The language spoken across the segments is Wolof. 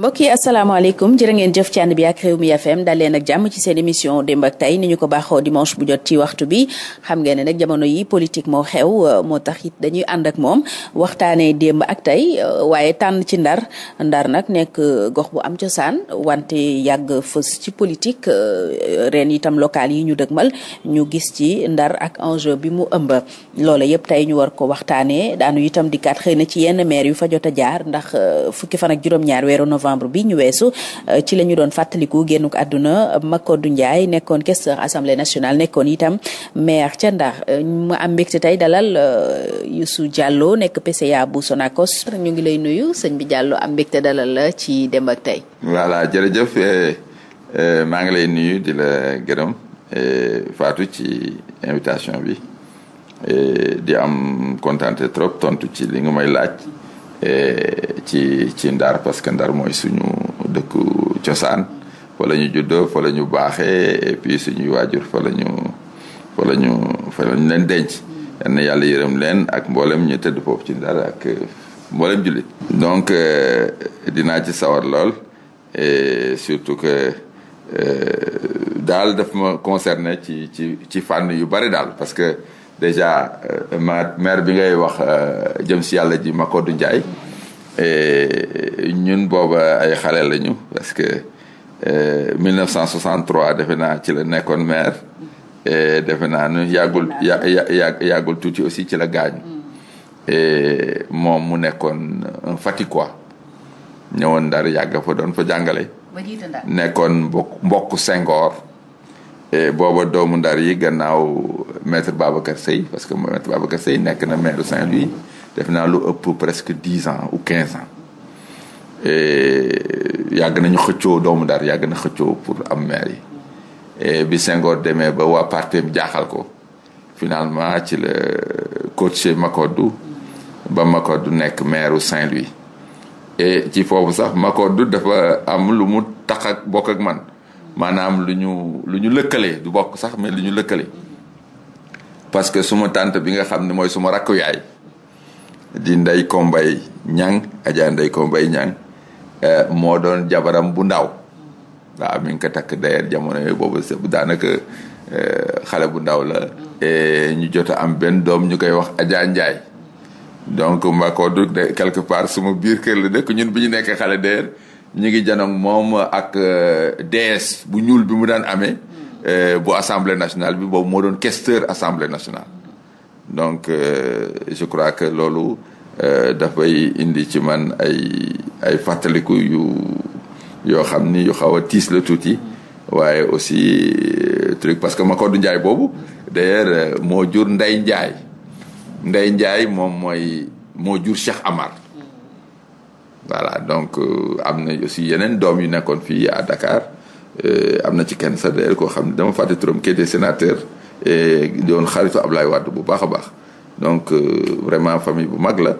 mbokk yi asalaamaaleykum jërë ngeen jëf ci ànd bi ak Rewmi FM dal leen ak jàmm ci seen émission démb ak tay ni ñu ko baaxoo dimanche bu jot ci waxtu bi xam ngeen ne nag jamono yi politique moo xew moo tax it dañuy ànd moom waxtaanee démb ak tey waaye tànn ci ndar ndar nag nekk gox bu am cosaan wante yàgg fës ci politique ren itam local yi ñu dëgmal ñu gis ci ndar ak enjeu bi mu ëmb loola yëpp tey ñu war ko waxtaanee daanu itam dikkaat xëy na ci yenn maire yu fa jot a jaar ndax fukki fan ak juróom weeru novembre novembre bi ñu weesu euh, ci la ñu doon fàttaliku génnuk àdduna Macodou Ndiaye nekkoon questeur assemblée nationale nekkoon itam maire ca Ndar euh, ma am mbégte tey dalal euh, su Diallo nekk PCA bu Sonacos ñu ngi lay nuyu sëñ bi Diallo am mbégte dalal la ci Demb ak Tay voilà jërëjëf maa ngi lay nuyu di la gërëm Fatou ci invitation bi di am kontaan trop tontu ci li laaj Eh, ci ci ndar parce que ndar mooy suñu dëkku cosaan fa la ñu juddoo fa la ñu baaxee et puis suñuy waajur fa la ñu fa ñu fa leen denc yal na yàlla yërëm leen ak mbooleem ñu tëdd foofu ci ndar ak euh, mboolem jullit donc euh, dinaa ci sawar lool et surtout que euh, daal daf ma concerné ci ci ci fànn yu bari daal parce que déjà euh, ma maire bi ngay wax euh, jëm si yàlla ji Makodou Ndiaye ñun booba ay xale lañu parce que 1963 euh, defe naa ci la nekkoon maire et defe na nu yàggul yà yàggul tuuti aussi ci la gaañu. moom mu nekkoon un Faticois ñëwoon Ndar yàgg fa doon fa jàngale. nekkoon mbokk mbokk Senghor. booba doomu Ndar yi gannaaw. maître Babacar Seye parce que maître Babacar Seye nekk na maire de Saint-Louis def naa lu ëpp presque dix ans ou quinze ans yàgg nañu xëccoo doomu Ndar yàgg na xëccoo pour am maire yi bi Senghor demee ba waa partem jaaxal ko finalement ci la coaché Makodou ba Makodou nekk maire Saint-Louis et ci foofu sax Makodou dafa am lu mu tax ak bokk ak man maanaam lu ñu lu ñu lëkkale du bokk sax mais lu ñu lëkkale parce que suma tànt bi nga xam ne mooy suma rakku yaay di nday Kombay Ñang Adja Ndey Kombay Ñang eh, moo doon jabaram bu ndaw waa mi ngi ko takk d'ailleurs jamono yooyu boobu daanaka eh, xale bu ndaw la ñu jot a am benn doom ñu koy wax Adja Njaay donc ma ko du quelque part suma biir kër la dëkk ñun bi ñu nekk xale d'ailleurs ñu ngi janoog moom ak eh, dees bu ñuul bi mu daan amee Euh, bu assemblée nationale bi boobu moo doon questeur assemblée nationale donc euh, je crois que loolu euh, dafay indi ci man ay ay fàttaliku yu yoo xam ni yu xaw a tiis la tuuti waaye aussi truc parce que ma Makodou Ndiaye boobu d'ailleurs moo jur Ndeye Ndiaye Ndeye njaay moom mooy moo jur Cheikh Amar mm. voilà donc am na aussi yeneen doom yu nekkoon fii à Dakar Euh, am na ci kenn sax d'ailleurs koo xam ne dama fàtte turam qui était sénateur et doon xaritu Ablaye Wade bu baax a baax donc euh, vraiment famille bu mag la.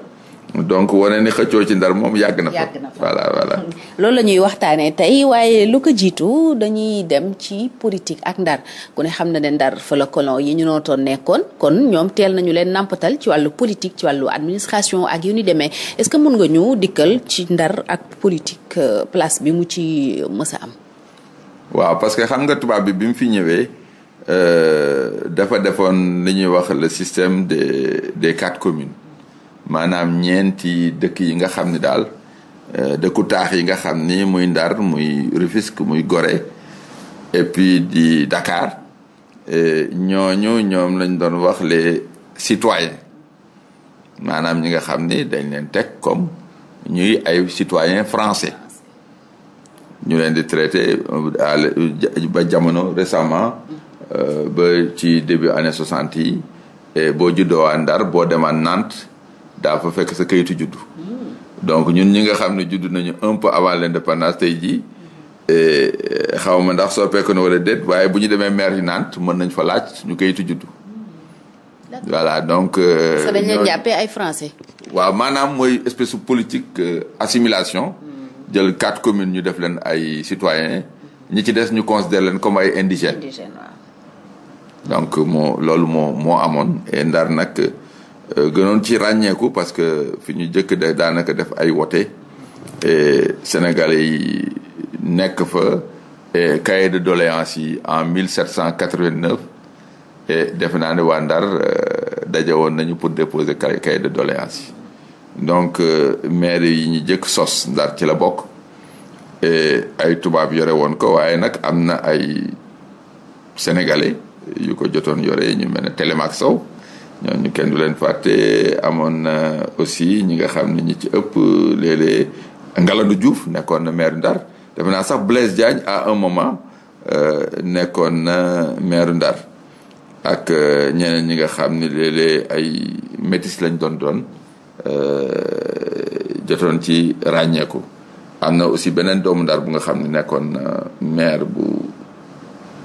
donc wane ne xëccoo ci ndar moom yàgg na fa voilà voilà loolu la ñuy waxtaanee tey waaye lu ko jiitu dañuy dem ci politique ak ndar ku ne xam ne ndar fa la colon yi ñu nootoon nekkoon kon ñoom teel nañu leen nàmpatal ci wàllu politique ci wàllu administration ak yu ni demee est-ce que mun nga ñu dikkal ci ndar ak politique euh, place bi mu ci mës am waaw parce que xam nga tubaab bi bi mu fi ñëwee euh, dafa defoon li ñuy wax le système des des quatre communes maanaam ñeenti dëkk yi nga xam ni daal euh, dëkku taax yi nga xam ni muy Ndar muy Rufisque muy Gorée et puis di Dakar ñooñu ñoom lañ doon wax les citoyens maanaam ñi nga xam ni dañ leen teg comme ñuy ay citoyens français ñu leen di traité ba jamono récemment euh, ba ci début année soixante yi boo juddoo waa Ndar boo demaan Nantes daa fa fekk sa kayitu juddu donc ñun ñi nga xam ne judd nañu un peu avant l'indépendance tey jii euh, xaw ma ndax soppeeku na wala déet waaye bu ñu demee maire yi Nantes mën nañ fa laaj ñu kayitu juddu voilà donc. Euh, ay français. waaw maanaam mooy espèce politique assimilation. jël quatre communes ñu def leen ay citoyens ñi ci des ñu considère leen comme ay indigènes. indigènes donc moo loolu moo moo amoon et ndar nag euh, gënoon ci ràññeeku parce que fi ñu jëkk de daanaka def ay wote et Sénégalais yi nekk fa e cahier de doléances yi en 1789 et defe naa ne waa Ndar euh, daje woon nañu pour déposer cahier de doléances yi. donc euh, maire yi ñu jëkk sos ndar ci la bokk ay tubaab yore woon ko waaye nag am na ay sénégalais yu ko jotoon yore ñu mel ne Télémaque Sow ñooñu kenn du leen fàtte amoon na aussi ñi nga xam ni ñi ci ëpp léeg-léeg Ngalandou Diouf nekkoon na maire Ndar defe naa sax Blaise Diagne à un moment euh, nekkoon na maire Ndar ak euh, ñeneen ñi nga xam ni léeg ay métis lañ doon Euh, jotoon ci ràññeeku am na aussi beneen doomu Ndar bu nga xam ne nekkoon euh, maire bu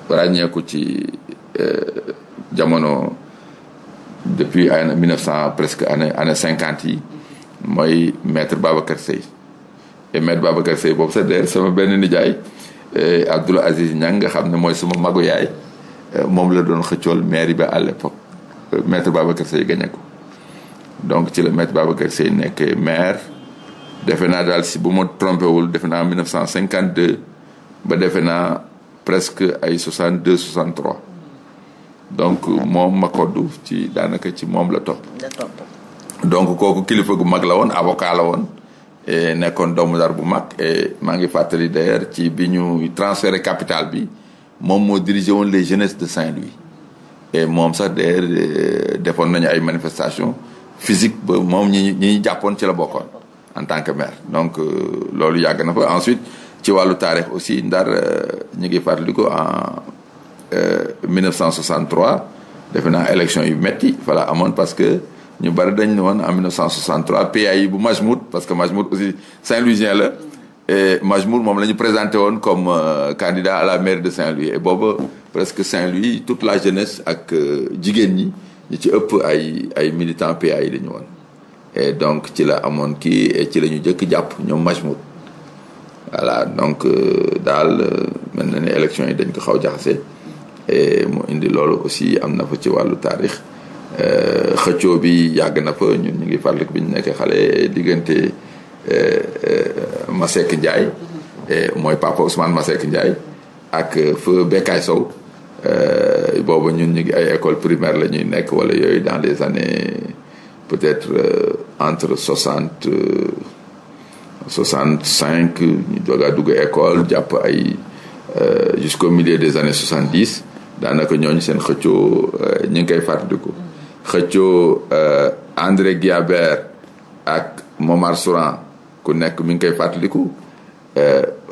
ràññeeku ci euh, jamono depuis année mille neuf cent presque année année cinquante yi mooy maître Babacar Seye et maître Babacar boobu sax d'ailleurs sama benn nijaay Abdoul Aziz Niang nga xam ne mooy suma magu yaay moom la doon xëccool maire bi ba à l'époque maître Babacar Seye gañe ko donc ci la maître Babacar Sèye nekkee maire defe naa daal si bu ma trompé wul defe naa 1952 ba defe naa presque ay 62 63 donc moom Makoddu ci daanaka ci moom la topp. donc kooku kilifa gu mag la woon avocat la woon. et nekkoon doomu dar bu mag et maa ngi fàttali d'ailleurs ci bi ñu transféré capital bi moom moo dirigé woon les jeunesses de Saint-Louis. et moom sax d'ailleurs euh, defoon nañu ay manifestations. physique ba moom ñi ñi ñu jàppoon ci la bokkoon en tant que maire donc euh, loolu yàgg na fa ensuite ci wàllu taarix aussi ndar euh, ñu ngi fàttaliku en 1963 euh, defe naa élection yu metti fala amoon parce que ñu bari dañu ne woon en 1963 PAI bu Majmout parce que Majmout aussi Saint-Louisien la et Majmout moom la ñu présenté woon comme candidat à la maire de Saint-Louis et booba presque Saint-Louis toute la jeunesse ak jigéen ñi ñi ci ëpp ay ay militant PAI la ñu woon et donc ci la amoon kii ci la ñu jëkk jàpp ñoom Majmout voilà donc euh, daal euh, mën na ne élection yi dañ ko xaw jaxase e mu indi loolu aussi am na fa ci wàllu taarix euh, xëccoo bi yàgg na fa ñun ñu ngi fàttaliku bi ñu nekkee xale diggante Masseck Ndiaye mooy papa Ousmane Masseck Ndiaye ak fa Bekkaay soow Euh, boobu ñun ñu ngi ay école primaire la ñuy nekk wala yooy dans les années peut-être euh, entre soixante euh, soixante cinq ñu doog a école jàpp ay jusqu'au milieu des années soixante dix daanaka ñooñu seen xëccoo ñu ngi koy fàttaliku xëcco André Guillabert ak Momar Souran ku nekk mi ngi koy fàttaliku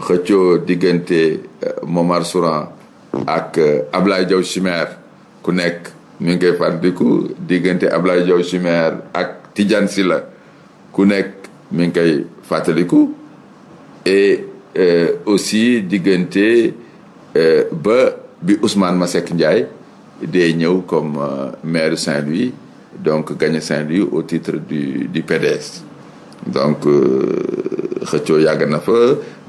xëcco diggante Momar Souran ak euh, Ablaye Diaw Chimère ku nekk mi ngi koy fàttaliku diggante Ablaye Diaw Chimère ak Tidiane la ku nekk mi ngi koy fàttaliku et euh, aussi diggante euh, ba bi Ousmane Masseck Ndiaye day ñëw comme euh, maire Saint-Louis donc gagné Saint-Louis au titre du du donc euh, xëccoo yàgg na fa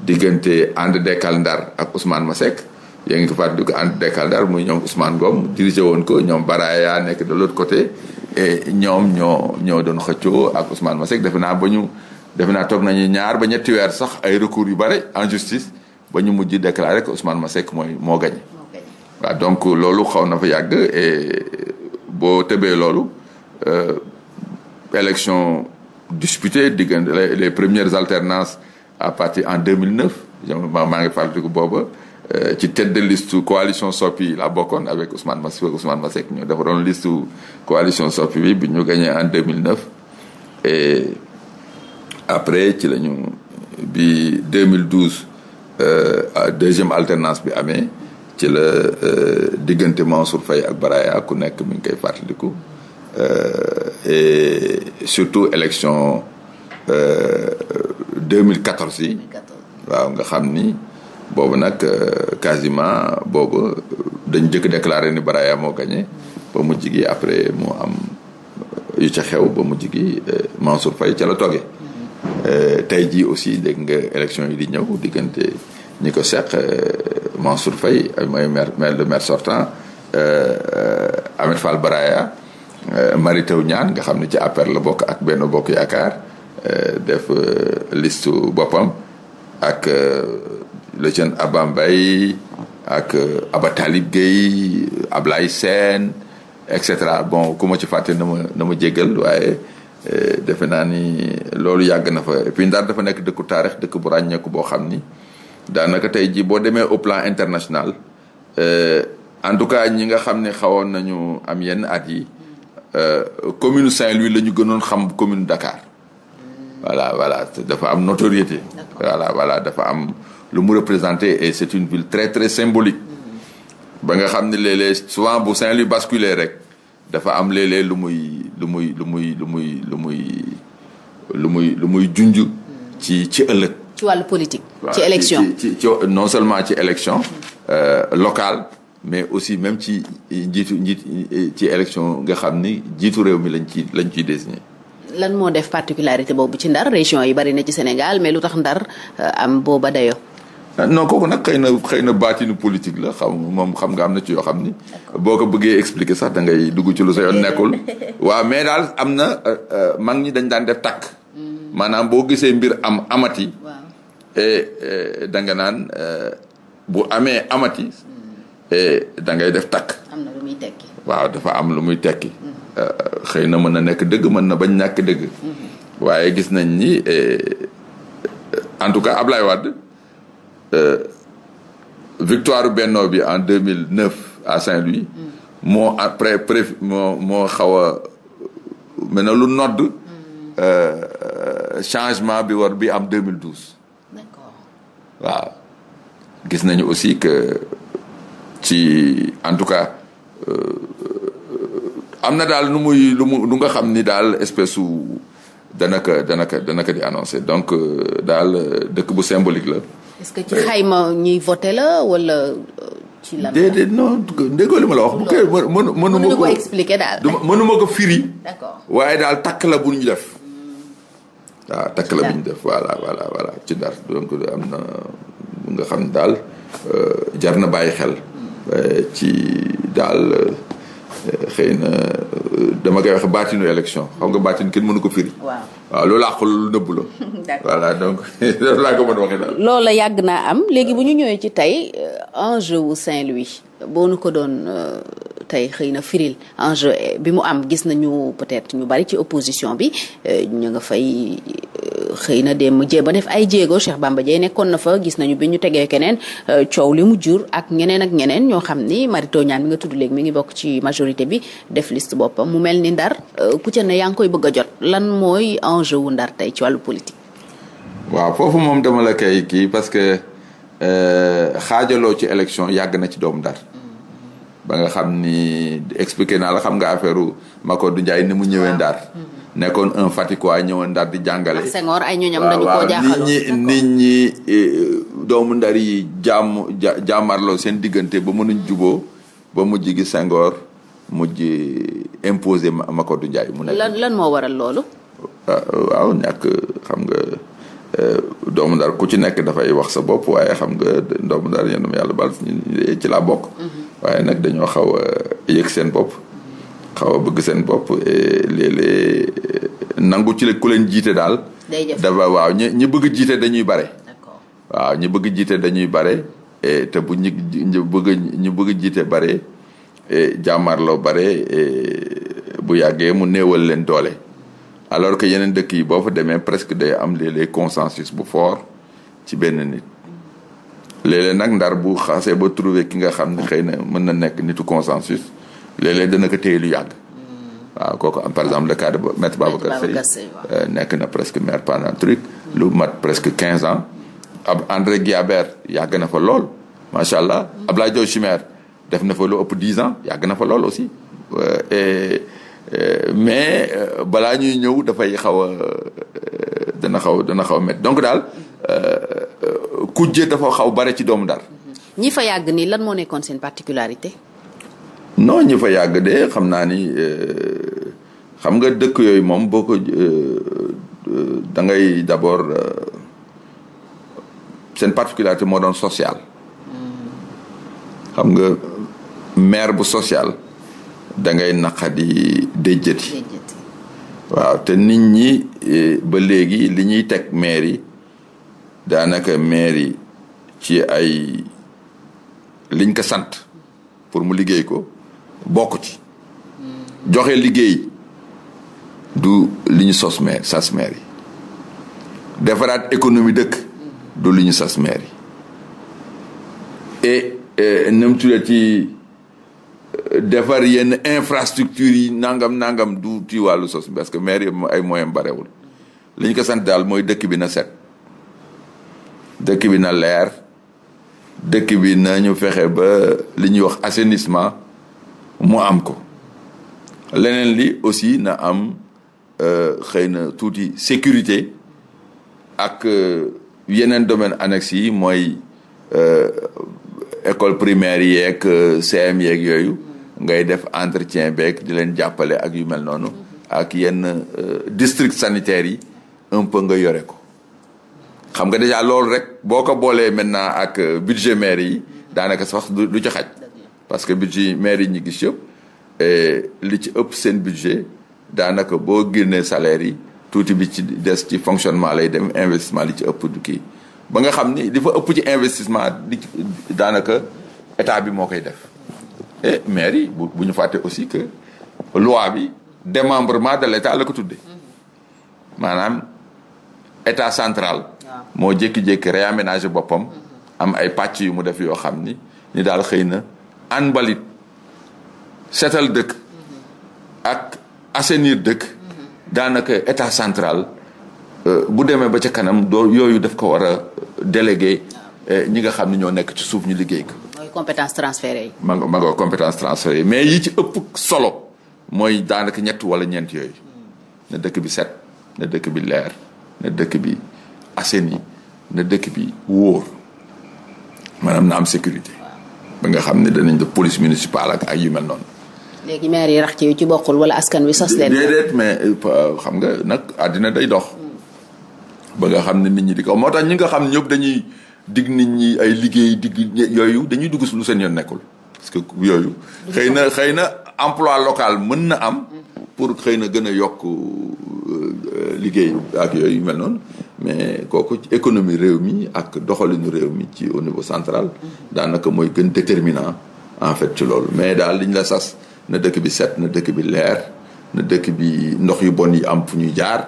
diggante ànd dekkal Ndar ak ma Masseck yéen ngi di ko ànd dekkal Ndar muy ñoom Ousmane Ngom dirigé woon ko ñoom Baraya nekk de l'autre côté et ñoom ñoo ñoo doon xëcco ak Ousmane Masek defe naa ba ñu defe naa toog nañu ñaar ba ñetti weer sax ay recours yu bare en justice ba ñu mujj déclaré que Ousmane Masek mooy moo gañ waa donc loolu xaw na fa yàgg et boo tebee loolu euh, élection disputée diggante les premières alternances à partir en 2009 maa ngi fàttaliku booba ci euh, tête de liste coalition Sopi la bokkoon avec Ousmane Masek Ousmane Masek ñu dafa doon liste coalition Sopi bi bi ñu gagné en 2009 et après ci la ñu bi 2012 euh, deuxième alternance bi amee ci la euh, diggantement Mansour Faye ak Baraya ku nekk mi ngi koy fàttaliku et surtout élection 2014 yi waaw nga xam ni boobu nag euh, quasiment boobu dañ jëkk déclaré ni Baraya moo gagné ba mujj gi après mu am euh, yu ca xew ba mujj gi euh, Mansour Faye ca la toogee. Mm-hmm. tey jii aussi dégg nga élection yi di ñëw diggante ñi ko seq Mansour Faye mooy maire maire le maire sortant Ahmed Fall Baraya Mary Teuw Niane nga xam ne ci APR la bokk ak benn Bokk Yaakaar def listu boppam ak. le jeune ak euh, Abba Talib Gueye Ablaye Sène et cetera bon ku ma ci fàtte na ma na ma jéggal waaye euh, defe naa ni loolu yàgg na fa et puis dafa nekk dëkku taarix dëkk bu ràññeeku boo xam ni daanaka tey jii boo demee au plan international euh, en tout cas ñi nga xam ne xawoon nañu am yenn at yi commune Saint-Louis la ñu gënoon xam commune Dakar voilà voilà dafa am notoriété voilà voilà dafa am lu mu représenté et c'est une ville très très symbolique ba nga xam ne léeg-léeg souvent bu Saint-Louis basculé rek dafa am léeg lu muy lu muy lu muy muy muy lu muy lu muy junj ci ci ëllëg. ci wàllu politique. ci élection ci ci non seulement ci élection euh, locale mais aussi même ci njiitu njiit ci élection nga xam ni jiitu réew mi lañ ci lañ ciy désigné. lan moo def particularité boobu ci ndar région yi bari na ci Sénégal mais lu tax ndar euh, am booba dayo Ah, non kooku nag xëy na xëy na baatinu politique la xam moom xam nga am na ci yoo xam ni. boo ko bëggee expliquer sax da ngay dugg ci lu sa yoon nekkul. waaw mais daal am na euh, euh, mag ñi dañ daan def takk. Mm. maanaam boo gisee mbir am amati. waaw eh, eh, da nga naan euh, bu amee amati. Mm. Eh, da ngay def takk. waaw dafa am lu muy tekki. Mm. xëy na mën na nekk dëgg mën na bañ ñàkk dëgg. Mm-hmm. waaye gis nañ ni en tout cas Ablaye Wade. Euh, victoire Benno bi en 2009 à Saint-Louis. Mm. moo après pré moo moo xaw a mel na lu nodd. Mm. Euh, changement bi war bi am 2012. d'accord waaw gis nañu aussi que ci en tout cas euh, am na daal nu muy lu mu lu nga xam ni daal espèce su danaka danaka danaka di annoncé donc daal dëkk bu symbolique la. est-ce que ci xayma ñuy voté la wala. Euh, ci lan déedéet non li ma la wax. bu kay mënu ko expliquer ko firi. waaye daal takk la bu ñu def. waaw hmm. ah, takk la bu ñu def voilà voilà voilà ci ndar donc am na nga xam daal euh, jar na bàyyi xel. Hmm. Euh, ci daal xëy na. dama koy wax baatinu élection xam nga baatin kenn mënu ko firi. waaw waaw loolu àqul nëbbu la. voilà loolu la yàgg naa am léegi bu ñu ñëwee ci tey euh, enjeu wu Saint-Louis boo nu ko doon euh, tey xëy na firil enjeu bi mu am gis nañu peut-être ñu bari ci opposition bi euh, ñu nga fay. xëy na dem jéem a def ay jéego Cheikh Bamba Dièye nekkoon na fa gis nañu bi ñu tegee keneen euh, coow li mu jur ak ñeneen ak ñeneen ñoo xam ni marito ñaan mi nga tudd léegi mi ngi bokk ci majorité bi def liste boppam mu mel ni ndar euh, ku ca ne yaa ngi koy bëgg a jot lan mooy enjeu wu ndar tey ci wàllu politique. waaw foofu moom dama la kay kii parce que euh, xaajaloo ci élection yàgg na ci doom ndar. ba nga xam ni expliqué naa la xam nga affaire Macodou Ndiaye ni mu ñëwee ndar. Mm. nekkoon un Fatickwa ñëwoon daal di jàngale. Senghor ay ñoñam dañu koo jaaxaloon nit ñi nit eh, ñi eh, doomu ndar yi jàmm jàmmarloo seen diggante ba mënuñ juboo ba mujj gi Senghor mujj imposé Makodou Ndiaye mu nekk. lan lan moo waral loolu. Ah, waaw ñàkk xam nga eh, doomu ndar ku ci nekk dafay wax sa bopp waaye xam nga doomu ndar yéen yàlla baal ci laa bokk. Mm-hmm. waaye nag dañoo xaw a yëg seen bopp. xaw a bëgg seen bopp et euh, nangu ci la ku leen jiite daal. dafa waaw ñi ñi bëgg jiite dañuy bare. waaw ñi bëgg jiite dañuy bare te bu ñi bëgg ñu bëgg jiite bare et jàmmarloo bare bu yàggee mu néewal leen doole. alors que yeneen dëkk yi boo fa demee presque day am léeg-léeg consensus bu fort ci benn nit. léeg nag ndar bu xasee ba trouver ki nga xam ne xëy na mën na nekk nitu consensus. léeg-léeg dana ko téye lu yàgg. waaw kooku am par exemple le cas de maître Babacar Seye euh, nekk na presque maire pendant truc lu mat presque quinze ans ab André Guillabert yàgg na fa lool macha allah mm. Ablaye Diop Chimère def na fa lu ëpp dix ans yàgg na fa lool aussi euh, et euh, mais balaa ñuy ñëw dafay xaw a dana xaw dana xaw a donc daal kujje dafa xaw bare ci doomu Ndar mm-hmm. ñi fa yàgg nii lan moo nekkoon seen particularité non ñi fa yàgg de xam naa ni euh, xam nga dëkk yooyu moom boo ko euh, euh, da ngay d'abord seen particularité moo doon sociale xam nga maire bu social da ngay naqadi déjjati waaw te nit ñi ba léegi li ñuy teg maire yi daanaka maire yi ci ay liñ ko sant pour mu liggéey ko bokk ci joxe liggéey du li ñu sos maire sas maire yi defaraat économie dëkk du li ñu sas maire yi et euh, nam tuddee ci euh, defar yenn infrastructure yi nangam nangam du ci wàllu sos parce que maire yi ay moyen barewul li ñu ko sant daal mooy dëkk bi na set dëkk bi na leer dëkk bi na ñu fexe ba li ñuy wax assainissement mu am ko leneen li aussi na am euh, xëy na tuuti sécurité ak euh, yeneen domaine annexe yi mooy euh, école primaire yeeg CM yeeg yooyu ngay def entretien beeg di leen jàppale ak yu mel noonu ak yenn district sanitaire yi un peu nga yore ko xam nga déjà loolu rek boo ko boolee maintenant ak budget maire yi daanaka sax du ci xaj parce que budget yi maire yi ñu gis yëpp eh, li ci ëpp seen budget daanaka boo génnee salaire yi tuuti bi ci des ci fonctionnement lay dem investissement li ci ëpp du kii ba nga xam ni fa ëpp ci investissement di daanaka état bi moo koy def et maire yi bu bu ñu fàtte aussi que loi bi démembrement de l' état la ko tuddee mm-hmm. maanaam état central. moo jékki-jékki réaménager boppam. Mm-hmm. am ay pàcc yu mu def yoo xam ni ni daal xëy na. anbalit setal dëkk ak assainir dëkk daanaka état central euh, bu demee ba ca kanam doo yooyu daf ko war a euh, délégué euh, ñi nga xam ne ñoo nekk ci suuf ñu liggéey ko. mooy compétence transférée compétence transférée yi mais yi ci ëpp solo mooy daanaka ñett wala ñeent yooyu na dëkk bi set na dëkk bi leer na dëkk bi assaini na dëkk bi wóor maanaam na am sécurité. ba nga xam ne danañ def police municipale ak ak yu mel noonu. léegi maire yi rax ci ci bokkul wala askan wi sos leen. déedéet mais euh, xam nga nag àddina day dox. Hmm. ba nga xam ne nit ñi di ko moo tax ñi nga xam ñëpp dañuy digg nit ñi ay liggéey digg yooyu dañuy dugg suñu seen yoon nekkul. parce que yooyu. xëy na xëy na emploi local mën na am. Hmm. pour xëy na gën a yokk euh, euh, liggéey ak yooyu mel noonu. mais kooku ci économie réew mi ak doxalinu réew mi ci au niveau central daanaka mooy gën déterminant en fait ci loolu mais daal liñ la sas na dëkk bi set na dëkk bi leer na dëkk bi ndox yu bon yi am fu ñuy jaar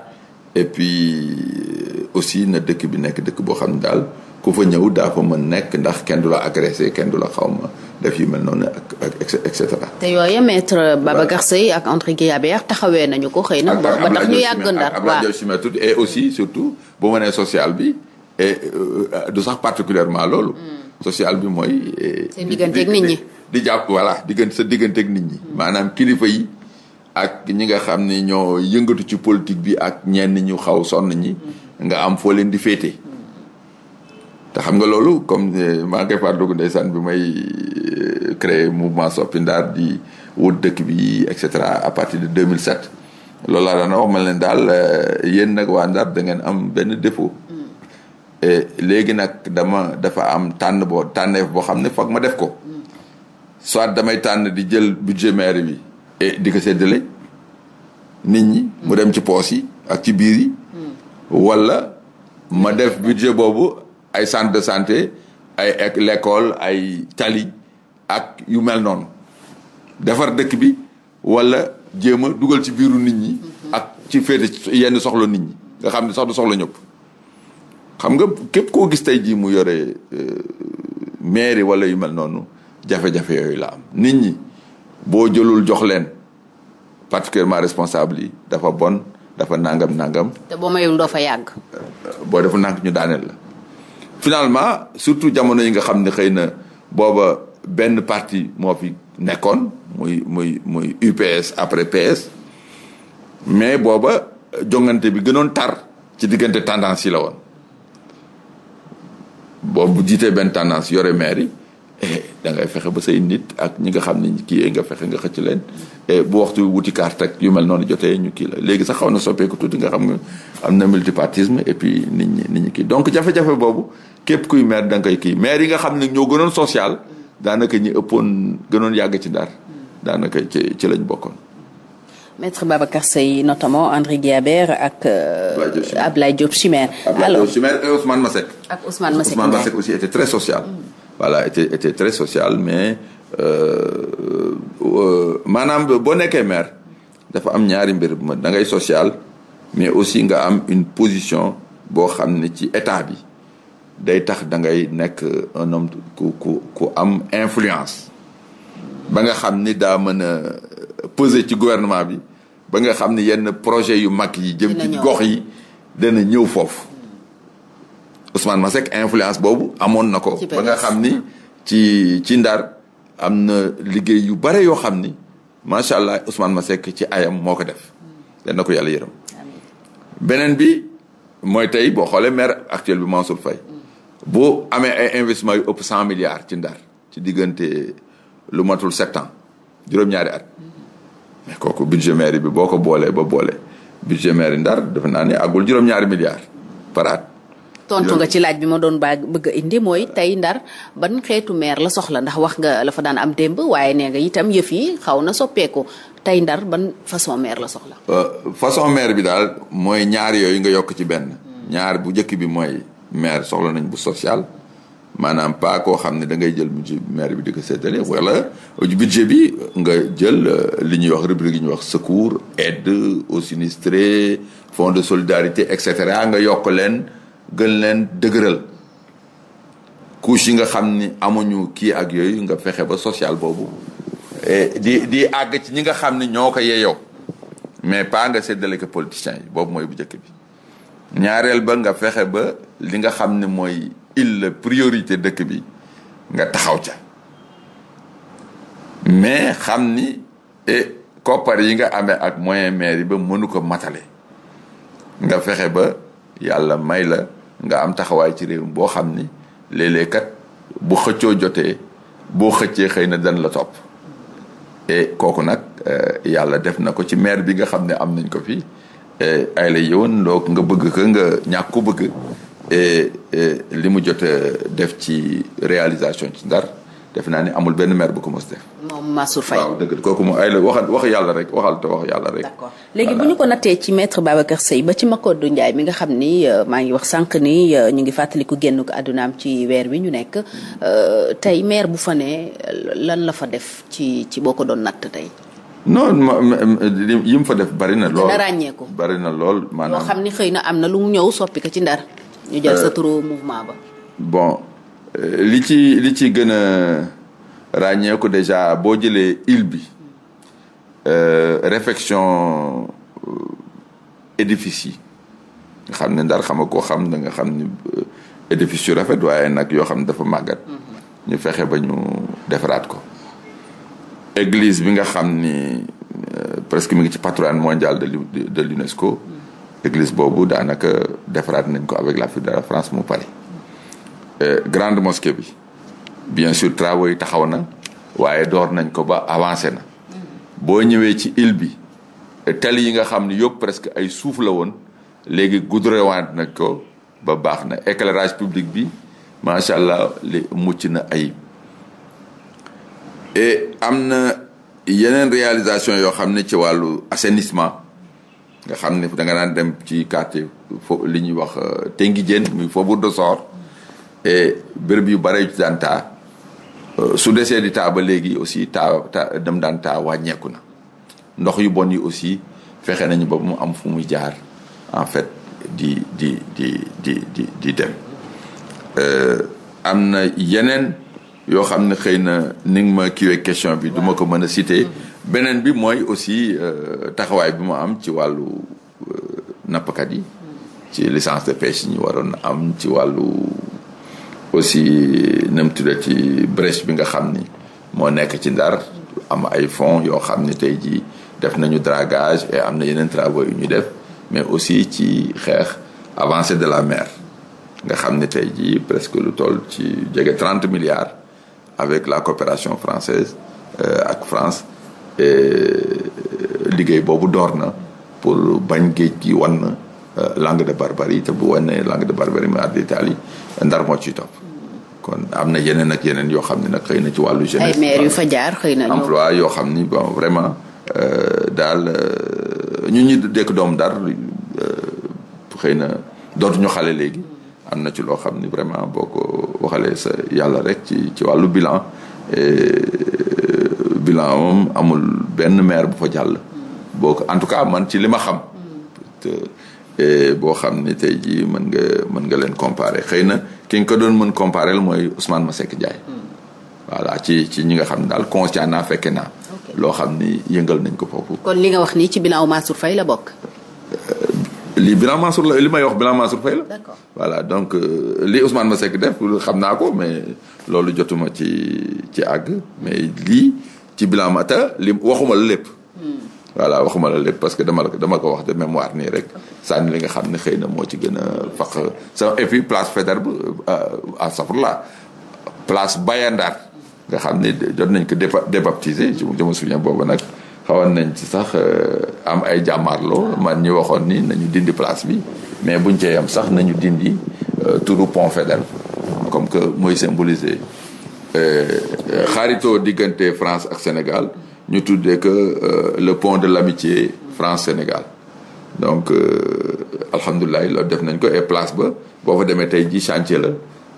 et puis euh, aussi na dëkk bi nekk dëkk boo xam ne daal ku fa ñëw daa fa mën nekk ndax kenn du la agressé kenn du la xaw ma def yu mel noonu ak ak et cetera. te yooyu maître Babacar Seye ak André Guillabert taxawee nañu ko xëy na. ba tax ñu yàgg ndar waaw ak aussi surtout. bu ma nee social bi euh, euh, du sax particulièrement loolu. Mm. social bi mooy. seen digganteeg di jàpp voilà diggante sa digganteeg nit ñi. Mm. maanaam kilifa yi ak ñi nga xam ni ñoo yëngatu ci politique bi ak ñenn ñu xaw sonn ñi. Mm. nga am foo leen di féete. te xam nga loolu comme euh, maa ngi koy fàttaliku ndeysaan bi may créer mouvement Soppi Ndar di wut dëkk bi et cetera à partir de 2007. loolu laa daan wax ma leen daal eh, yéen nag waa Ndar da ngeen am benn défaut. Mm. Eh, léegi nag dama dafa am tànn boo tànneef boo xam ne foog ma def ko. Mm. soit damay tànn di jël budget maire bi. et eh, di ko séddale nit ñi. Mm. mu dem ci poos yi ak ci biir yi. walla ma def budget boobu ay centre de santé ay ak l'école ay tali ak yu mel noonu defar dëkk bi wala. jéem a dugal ci biiru nit ñi. ak ci féete yenn soxla nit ñi nga xam ne soxla ñëpp. xam nga képp koo gis tey jii mu yore euh, mairie wala yu mel noonu jafe-jafe yooyu la am nit ñi boo jëlul jox leen particulièrement responsable yi dafa bon dafa nangam nangam. te boo mayul doo yàgg. Euh, boo defu nànk ñu daaneel la. finalement surtout jamono yi nga xam ne xëy na booba benn partie moo fi nekkoon muy muy muy UPS après PS mais booba jongante bi gënoon tar ci diggante tendance yi la woon boobu jiitee benn tendance yore maire yi eh, da fexe ba say nit ak ñi nga xam ne kii nga fexe nga xëcc leen eh, bu waxtu wuti carte ak yu mel noonu jotee ñu kii la léegi sax xaw na soppeeku tuuti nga xam nga am na multipartisme et puis nit ñi nit kii donc jafe-jafe boobu képp kuy maire da koy kii maire yi nga xam ne ñoo gënoon social daanaka ñi ëppoon gënoon yàgg ci Ndar daanaka ci ci lañ bokkoon. maître Babacar Seye notamment André Guillabert ak. Euh, Ablaye Diop Chimère Ablaye Diop Chimère et Ousmane Masseck. ak Ousmane Masseck Ousmane aussi était très social. Mm. voilà était était très social mais euh, euh, maanaam boo nekkee maire dafa am ñaari mbir ma da ngay social mais aussi nga am une position boo xam ne ci état bi. day tax da ngay nekk un homme ku ku ku am influence ba nga xam ni daa mën a peser ci gouvernement bi ba nga xam ni yenn projet yu mag yi jëm ci gox yi dana ñëw foofu Ousmane Masseck influence boobu amoon na ko ba nga xam ni ci ci Ndar am na liggéey yu bare yoo xam ni macha allah Ousmane Masseck ci ayam moo ko def yal na ko yàlla yërëm beneen bi mooy tey boo xoolee maire actuel bi Mansour Faye boo amee ay investissement yu ëpp cent milliards ci ndar ci diggante lu matul sept ans juróom-ñaari at kooku budget mairie bi boo ko boolee ba boole budget mairie ndar defe naa ne àggul juróom-ñaari milliards par tontu nga ci laaj bi ma doon baa bëgg a indi mooy tey ndar ban xeetu maire la soxla ndax wax nga la fa daan am démb waaye nee nga itam yëf yi xaw na soppeeku tey ndar ban façon maire la soxla euh, façon maire bi daal mooy ñaar yooyu nga yokk ci benn hmm. ñaar bu njëkk bi mooy maire soxla nañ bu social maanaam pas koo xam ne da ngay jël budget maire bi di ko séddale wala budget bi nga jël euh, li ñuy wax rubrique yi ñuy wax secours aide aux sinistrés fonds de solidarité et cetera nga yokk leen gën leen dëgëral couche yi nga xam ni amuñu kii ak yooyu nga fexe ba social boobu di di àgg ci ñi nga xam ni ñoo ko yeyoo mais pas nga séddale ko politiciens yi boobu mooy bu njëkk bi ñaareel ba nga fexe ba li nga xam ne mooy il priorité dëkk bi nga taxaw ca mais xam ni et koppar yi nga ame ak moyen maire yi ba mënu ko matale nga fexe ba yàlla may la nga am taxawaay ci réew boo xam ni léeg-léeg kat bu xëccoo jotee boo xëccee xëy na dan la topp et kooku nag euh, yàlla def na ko ci maire bi nga xam ne am nañ ko fii Eh, ay la yëwoon donc nga bëgg ko nga ñàkk ko bëgg et eh, eh, li mu jot def ci réalisation ci ndar def naa ni amul benn maire bu ko mos def. moom Mansour Faye waaw dëgg léegi bu ñu ko nattee ci maître Babacar Seye ba ci Makodou Ndiaye mi nga xam ni euh, maa ngi wax sànq ni euh, ñu ngi fàttaliku génn ko àddunaam ci weer wi ñu nekk euh, tey maire bu fa ne lan la fa def ci ci boo ko doon natt tey. non ma yi mu fa def bari na. lool ràññeeku bari na lool maanaam. yoo xam ni xëy na am na lu mu ñëw soppi ko ci ndar. ñu jël sa euh, turu mouvement ba. bon euh, li ci li ci gën a ràññeeku déjà boo jëlee île bi euh, réfection édifice yi xam ne ndar xama koo xam da nga xam ni édifice yu rafet waaye nag yoo xam ne dafa màggat. Mhm. ñu fexe ba ñu defaraat ko. église bi nga xam ni euh, presque mi ngi ci patrimoine mondial de de l'UNESCO église boobu daanaka defaraat nañ ko avec la Fédération de France mu Paris euh, grande mosquée bi bien sûr travaux yi taxaw na waaye door nañ ko ba avancé na boo ñëwee ci île bi tali yi nga xam ni yëpp presque ay suuf la woon léegi goudronné nañ ko ba baax na éclairage public bi macha allah li mucc na ay et am na yeneen réalisation yoo xam ne ci wàllu assainissement nga xam ne da nga daan dem ci quartier fo li ñuy wax euh, Tengi Diène muy faubourg de Sor et béréb yu bare yu daan taa euh, su desee di taa ba léegi aussi taa ta dem daan taa wàññeeku na ndox yu bon yi aussi fexe nañu ba mu am fu muy jaar en fait di di di di di di dem euh, am na yeneen yoo xam ne xëy na ni nga ma kiiwee question bi du ma ko mën a citer beneen bi mooy aussi euh, taxawaay bi mu am ci wàllu euh, nappkat yi ci licence de pêche ñu waroon am ci wàllu aussi nam tudde ci brèche bi nga xam ni moo nekk ci ndar am ay fonds yoo xam ni tey jii def nañu dragage et am na yeneen travaux yu ñu def mais aussi ci xeex avancée de la mer nga xam ni tey ji presque lu toll ci jege trente milliards avec la coopération française euh, ak France euh, liggéey boobu door na pour bañ géej gi wan na euh, langue de barbarie te bu wanee langue de barbarie mu àdd ndar moo ciy topp kon am na yeneen ak yeneen yoo xam ne nag xëy na ci wàllu jeunesse ay maire yu fa jaar xëy na emploi yoo xam ni bon vraiment daal ñu ñi dëkk doom Ndar xëy na dootuñu xale léegi am na ci loo xam ni vraiment boo ko waxalee sa yàlla rek ci ci wàllu bilan eh, bilan moom amul benn maire bu fa jàll boo ko en tout cas man ci li ma xam eh, boo xam ni tey jii mën nga mën nga leen comparer xëy na ki nga ko doon mën comparer mooy Ousmane Masseck Ndiaye hmm. voilà ci ci ñi nga xam daal conscient naa fekke naa loo xam ni yëngal nañ ko foofu kon li nga wax nii ci bilan Mansour Faye la bokk euh, lii Birame Mansour la li may wax Birame Mansour Faye la. d'accord voilà donc euh, li Ousmane Masseck def xam naa ko mais loolu jotuma ci ci àgg mais lii ci Birame Mata li waxuma la lépp. Hmm. voilà waxuma la lépp parce que dama la ko dama ko wax de mémoire nii rek sànni li nga xam ne xëy na moo ci gën a faq sa et puis place bu euh, a Safrula place Bayandar nga xam ni jot nañ ko débaptiser je me souviens boobu nag. xawoon nañ ci sax euh, am ay jàmmaarloo man ñu waxoon ni nañu dindi place bi mais buñ cee am sax nañu dindi euh, turu pont Faidherbe comme que mooy symboliser euh, xaritoo diggante France ak Sénégal ñu tuddee que le pont de l'amitié France Sénégal donc alhamdulilah loolu def nañ ko et place ba boo fa demee tey ji chantier la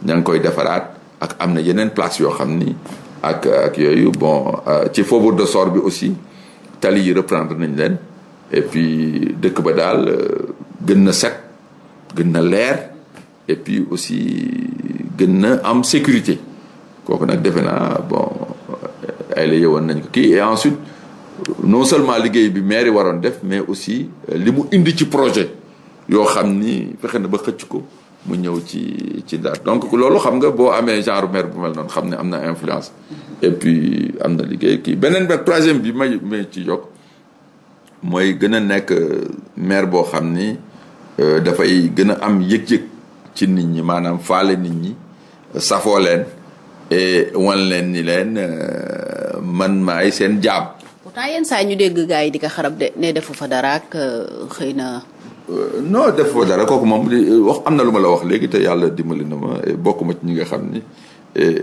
ña ngi koy defaraat ak am na yeneen place yoo xam ni ak ak yooyu bon ci faubourg de Sor bi aussi tali yi reprendre nañ leen et puis dëkk ba daal euh, gën na set gën na leer et puis aussi gën na am sécurité kooku nag defe naa bon euh, ay woon nañ ko kii et ensuite non seulement liggéey bi maire waroon def mais aussi euh, li mu indi ci projet yoo xam ni fexe na ba xëcc ko mu ñëw ci ci Ndar donc loolu xam nga boo amee genre maire bu mel noonu xam ne am na influence et puis am na liggéey kii beneen ba troisième bi may may ci yokk mooy gën a nekk maire boo xam ni euh, dafay gën a am yëg-yëg ci nit ñi maanaam faale nit ñi safoo leen et wan leen ni leen euh, man maay seen jaam pourtant yenn saa ñu dégg gars yi di ko xarab de ne defu fa daraak euh, xëy na Euh, no def fa dara kooku moom euh, wax am na lu ma la wax léegi te yàlla dimbali na ma bokk ma ci ñi nga xam ni euh,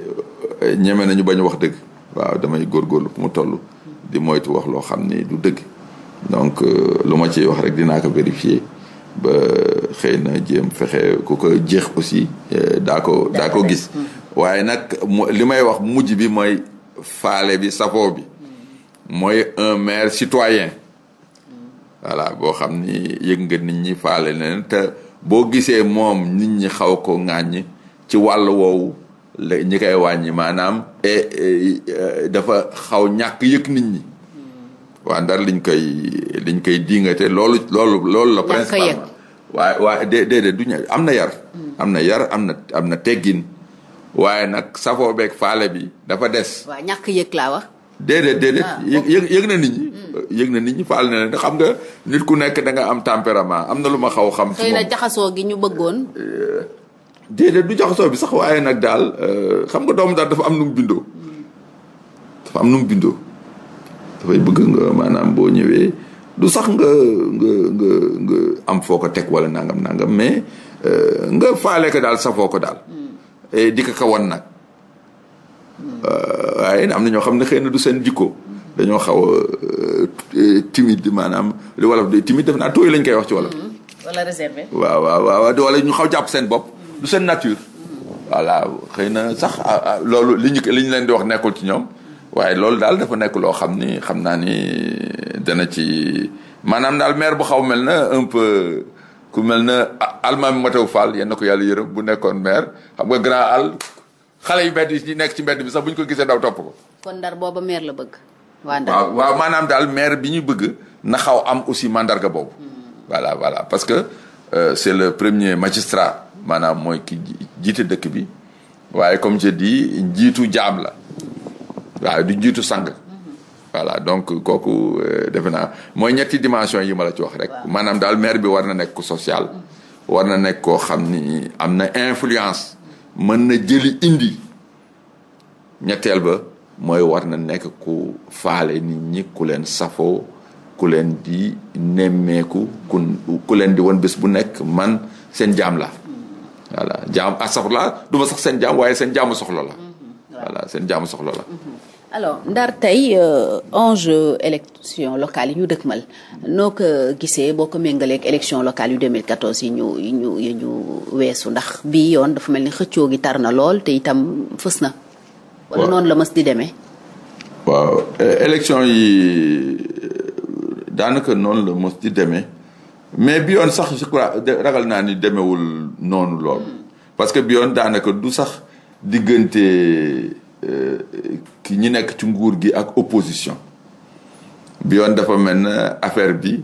ñeme nañu bañ wax dëgg waaw damay góorgóorlu fu mu toll di moytu wax loo xam ni du dëgg donc lu ma ci wax rek dinaa ko vérifier ba xëy na jéem fexe ku ko jeex aussi daa ko daa ko gis waaye nag li may wax mujj bi mooy faale bi safoo bi mooy un maire citoyen voilà boo xam ni yëg nga nit ñi faale na te boo gisee moom nit ñi xaw ko ŋàññi ci wàll woowu ñi koy wàññi maanaam eh, eh, dafa xaw ñàkk yëg nit ñi hmm. waa ndar liñ koy liñ koy diingate loolu loolu la principalement waaye waaye dée déedéet du ña am na yar hmm. am na yar am na am na teggin waaye nag safoo beeg faale bi dafa des waaw ñàkk yëg laa wax déedéet déedéet ah, yëg yëg na nit ñi hmm. yëg na nit ñi faal na leen xam nga nit ku nekk da nga am tempérament am na lu ma xaw xam xëy na jaxasoo gi ñu bëggoon eh, déedéet du jaxasoo bi sax waaye nag daal eh, xam nga doom daal dafa am nu mu bindoo dafa am nu bindoo dafay bëgg nga maanaam boo ñëwee du sax nga nga nga am foo ko teg wala nangam nangam mais eh, nga faale ko daal safoo ko daal hmm. di ko kawan nag Euh, waaye am na ñoo xam ne xëy na du seen jikko dañoo xaw a euh, timide maanaam li wolof de timide def naa tooy lañ koy wax ci wolof. Mm-hmm. wala réservé. waaw waaw waaw wala ñu xaw jàpp seen bopp. du seen nature. Mm-hmm. voilà xëy na sax ah, ah, loolu liñ ñu li leen di wax nekkul ci ñoom waaye loolu daal dafa nekk loo xam ni xam naa ni dana ci maanaam daal maire bu xaw mel na un peu ku mel na almaami Mataw Fall yéen na ko yàlla yërëm bu nekkoon maire xam nga grand al. xale yu mbedd yi nekk ci mbedd bi sax bu ñu ko gisee daw topp ko. kon ndar booba maire la bëgg. waa ndar waaw waaw maanaam daal maire bi ñu bëgg na xaw am aussi mandarga boobu. Hmm. voilà voilà parce que euh, le premier magistrat maanaam mooy ki jiite dëkk bi waaye comme je dis njiitu jaam la waaye du njiitu sang. Hmm. voilà donc kooku euh, defe naa mooy ñetti dimension yi ma la ci wax rek. maanaam daal maire bi war na nekk ku social. Hmm. war na nekk koo xam ni am na influence. mën na jëli indi ñetteel ba mooy war na nekk ku faale nit ñi ku leen safoo ku leen di nemmeeku ku ku leen di won bés bu nekk man seen jaam la voilà jaam asaf ah, la du ma sax seen jaam waaye seen jaamu soxlo la mm-hmm. voilà seen jaamu soxlo la mm-hmm. alors Ndar tey euh, enjeu élection locale yi ñu dëkkmal noo ko gisee boo ko méngaleeg élection locale yu 2014 yi ñu yi ñu ñu weesu ndax bii yoon dafa mel ni xëccoo gi tar na lool te itam fës na. wala noonu la mës di demee. waaw euh, yi daanaka noonu la mës di demee mais bi yoon sax je crois ragal naa ni demewul noonu lool parce que bi yoon daanaka du sax diggante. ki ñi nekk ci nguur gi ak opposition bi yoon dafa mel na affaire bi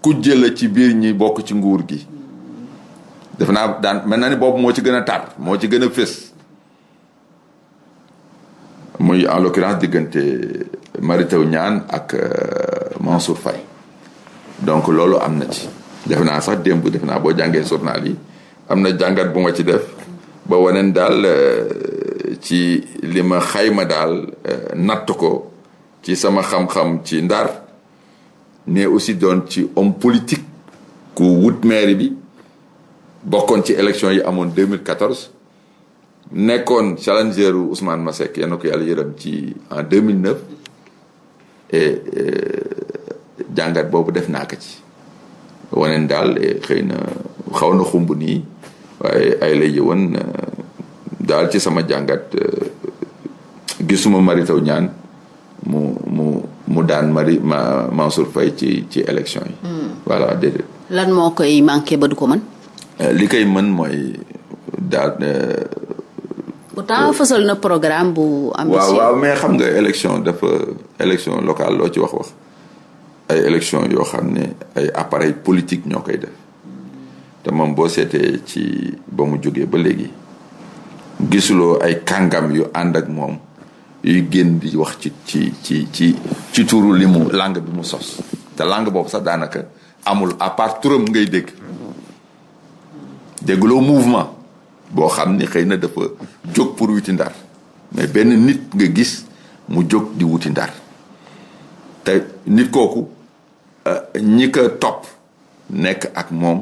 ku jëla ci biir ñi bokk ci nguur gi def naa daan mel na ni boobu moo ci gën a tar moo ci gën a fés muy en l'occurrence diggante Mary ñaan ak euh, Mansour Faye donc loolu am na ci def naa sax démb def naa boo jàngee journal yi am na jàngat bu ma ci def ba waneen daal euh, ci li ma xayma daal euh, natt ko ci sama xam-xam ci ndar mais aussi doon ci homme politique ku wut maire bi bokkoon ci élection yi amoon 2014 nekkoon challenger u Ousmane Masseck yal na ko yàlla yërëm ci en 2009 et euh, jàngat boobu def naa ko ci waneen daal eh, xëy na xaw na xumb nii waaye ay lay yëwoon euh, daal ci sama jàngat euh, gisuma Mary Teuw Niane mu mu mu daan Mari ma Mansour Faye ci ci élection yi. Hmm. voilà déedéet. lan moo koy manqué ba du ko mën. Euh, li koy mën mooy daal. Euh, pourtant fësal na programme bu. ambitieux waaw xam nga élection dafa élection locale loo ci wax wax ay élection yoo xam ne ay appareil politique ñoo koy def te moom boo seetee ci ba mu jógee ba léegi. gisuloo ay kàngam yu ànd ak moom yuy génn di wax ci ci ci ci ci turu li mu langue bi mu sos te langue boobu sax daanaka amul à part turam ngay dégg dégguloo mouvement boo xam ni xëy na dafa jóg pour wuti ndar mais benn nit nga gis mu jóg di wuti ndar te nit kooku euh, ñi ko topp nekk ak moom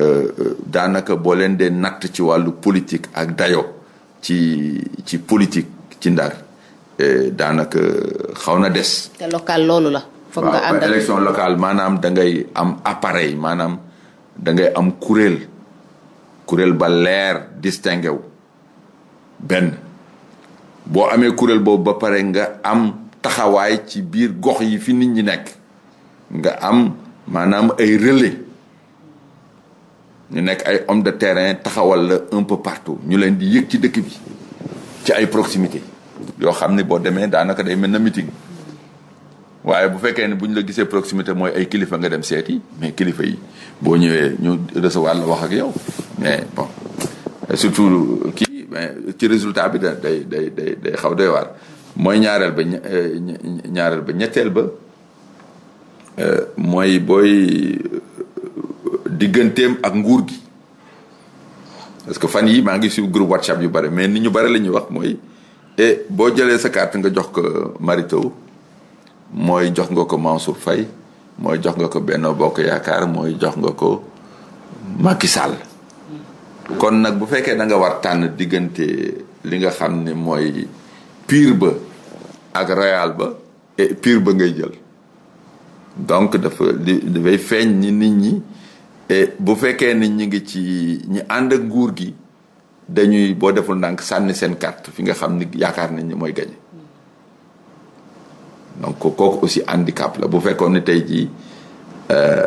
euh, euh, daanaka boo leen dee natt ci wàllu politique ak dayoo ci ci politique ci Ndar daanaka xaw na des. te local loolu la. foog nga àndal waaw élection locale maanaam da ngay am appareil maanaam dangay am kuréel kuréel ba leer distingué wu benn boo amee kuréel boobu ba pare nga am taxawaay ci biir gox yi fi nit ñi nekk nga am maanaam ay relais. ñu nekk ay homme de terrain taxawal la un peu partout ñu leen di yëg ci dëkk bi ci ay proximité yoo xam ne boo demee daanaka day mel na meeting waaye bu fekkee ne bu ñu la gisee proximité mooy ay kilifa nga dem seeti mais kilifa yi boo ñëwee ñu recevoir la wax ak yow mais bon surtout kii mais ci résultat bi da day day day day xaw doy waar mooy ñaareel ba ñaareel ba ñetteel ba euh, mooy booy digganteem ak nguur gi parce que fan yi maa ngi suivre groupe whatsapp yu bare mais ni ñu bare la ñuy wax mooy eh, boo jëlee sa carte nga jox ko marito mooy jox nga ko Mansour Faye mooy jox nga ko Benno Bokk Yaakaar mooy jox nga ko Macky kon nag bu fekkee da nga war tànn diggante li nga xam ni mooy pire ba ak royal ba eh, piir ba ngay jël donc dafa li dafay feeñ ni nit ñi bu fekkee ni ñu ngi ci ñi ànd ak nguur gi dañuy boo deful ndànk sànni seen carte fi nga xam ni yaakaar nañ mooy gañe donc kooku aussi handicap la bu fekkoon ne tey jii euh,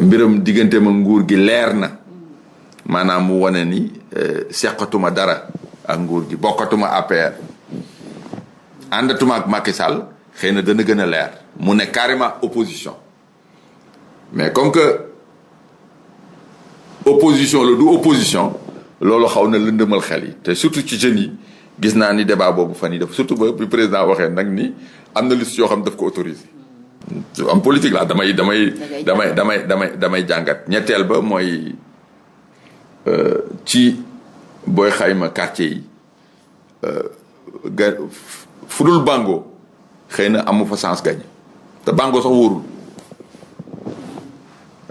mbiram diggante ma nguur gi leer na maanaam mu wane ni euh, seqatuma dara ak nguur gi bokkatuma APR àndatuma ak Macky xëy na dana gën a leer mu ne carrément opposition mais comme que opposition la du opposition loolu xaw na lëndëmal xel yi te surtout ci jeunes yi gis naa ni débat boobu fan yi def surtout ba bi président waxee nag ni am na liste yoo xam daf ko autorisé am politique la damay damay damay damay damay damay jàngat ñetteel ba mooy euh, ci booy xayma quartier yi euh, ga fudul bango xëy na amu fa sens gagné te bango sax wóorul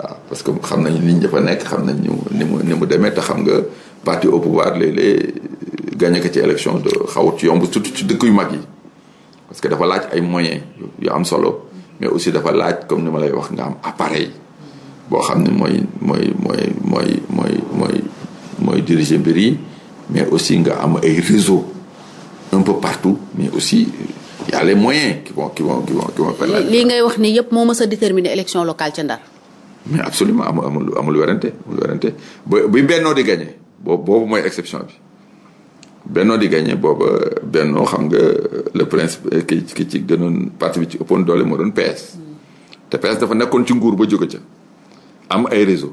waaw parce que xam nañu nit ñi dafa nekk xam nañ ni mu ni mu demee te xam nga parti au pouvoir léeg-léeg gagné ko ci élection de xawut ci yomb surtout ci dëkk yu mag yi parce que dafa laaj ay moyen yu am solo mais aussi dafa laaj comme ni ma lay wax nga am appareil boo xam ne mooy mooy mooy mooy mooy mooy mooy diriger mbir yi mais aussi nga am ay réseau un peu partout mais aussi y a les moyens qui vont qui vont qui vont qui vont ngay wax ni yëpp moo mës a déterminer élection locale ca Ndar mais absolument amul amul amul amul werante ba bi bennoo di gagné boobu boobu mooy exception bi bennoo di gagné booba bennoo xam nga le principe eh, ki ki ci gënoon parti bi ci ëppoon doole moo doon PS. te PS dafa nekkoon ci nguur ba jóge ca am ay réseau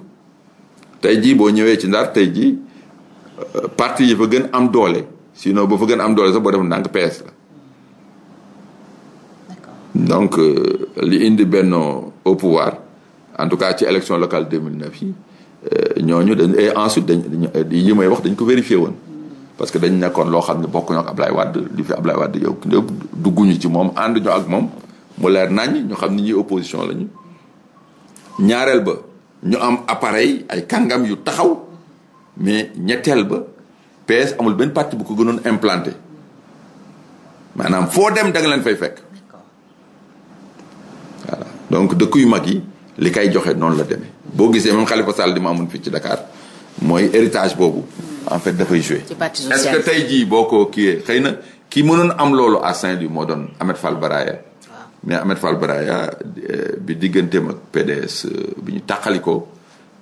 tey jii boo ñëwee ci ndar tey jii euh, parti yi fa gën am doole sino ba fa gën am doole sax boo def ndànk PS la. donc euh, li indi bennoo au pouvoir. en tout cas ci élection locale 2009 yi euh, ñooñu dañ et ensuite dañ euh, yi may wax dañ ko vérifié woon parce que dañ nekkoon loo xam ne bokk ñoo ak Ablaye Wade li fi Ablaye Wade yow yëpp dugguñu ci moom ànd ñu ak moom mu leer nañ ñu xam ni ñuy opposition lañu ñaareel ba ñu am appareil ay kàngam yu taxaw mais ñetteel ba PS amul benn parti bu ko gënoon implanté maanaam foo dem da nga leen fay fekk donc dëkk yu mag yi li kay joxe noonu la demee boo gisee même Khalifa Sall di ma amoon fii ci Dakar mooy héritage boobu en fait dafay joué est-ce que tey jii boo ko kiiyee xëy na ki mënoon am loolu à Saint-Louis moo doon Ahmed Fall Baraya mais Ahmed Fall Baraya euh, bi digganteem ak PDS euh, bi ñu tàqali ko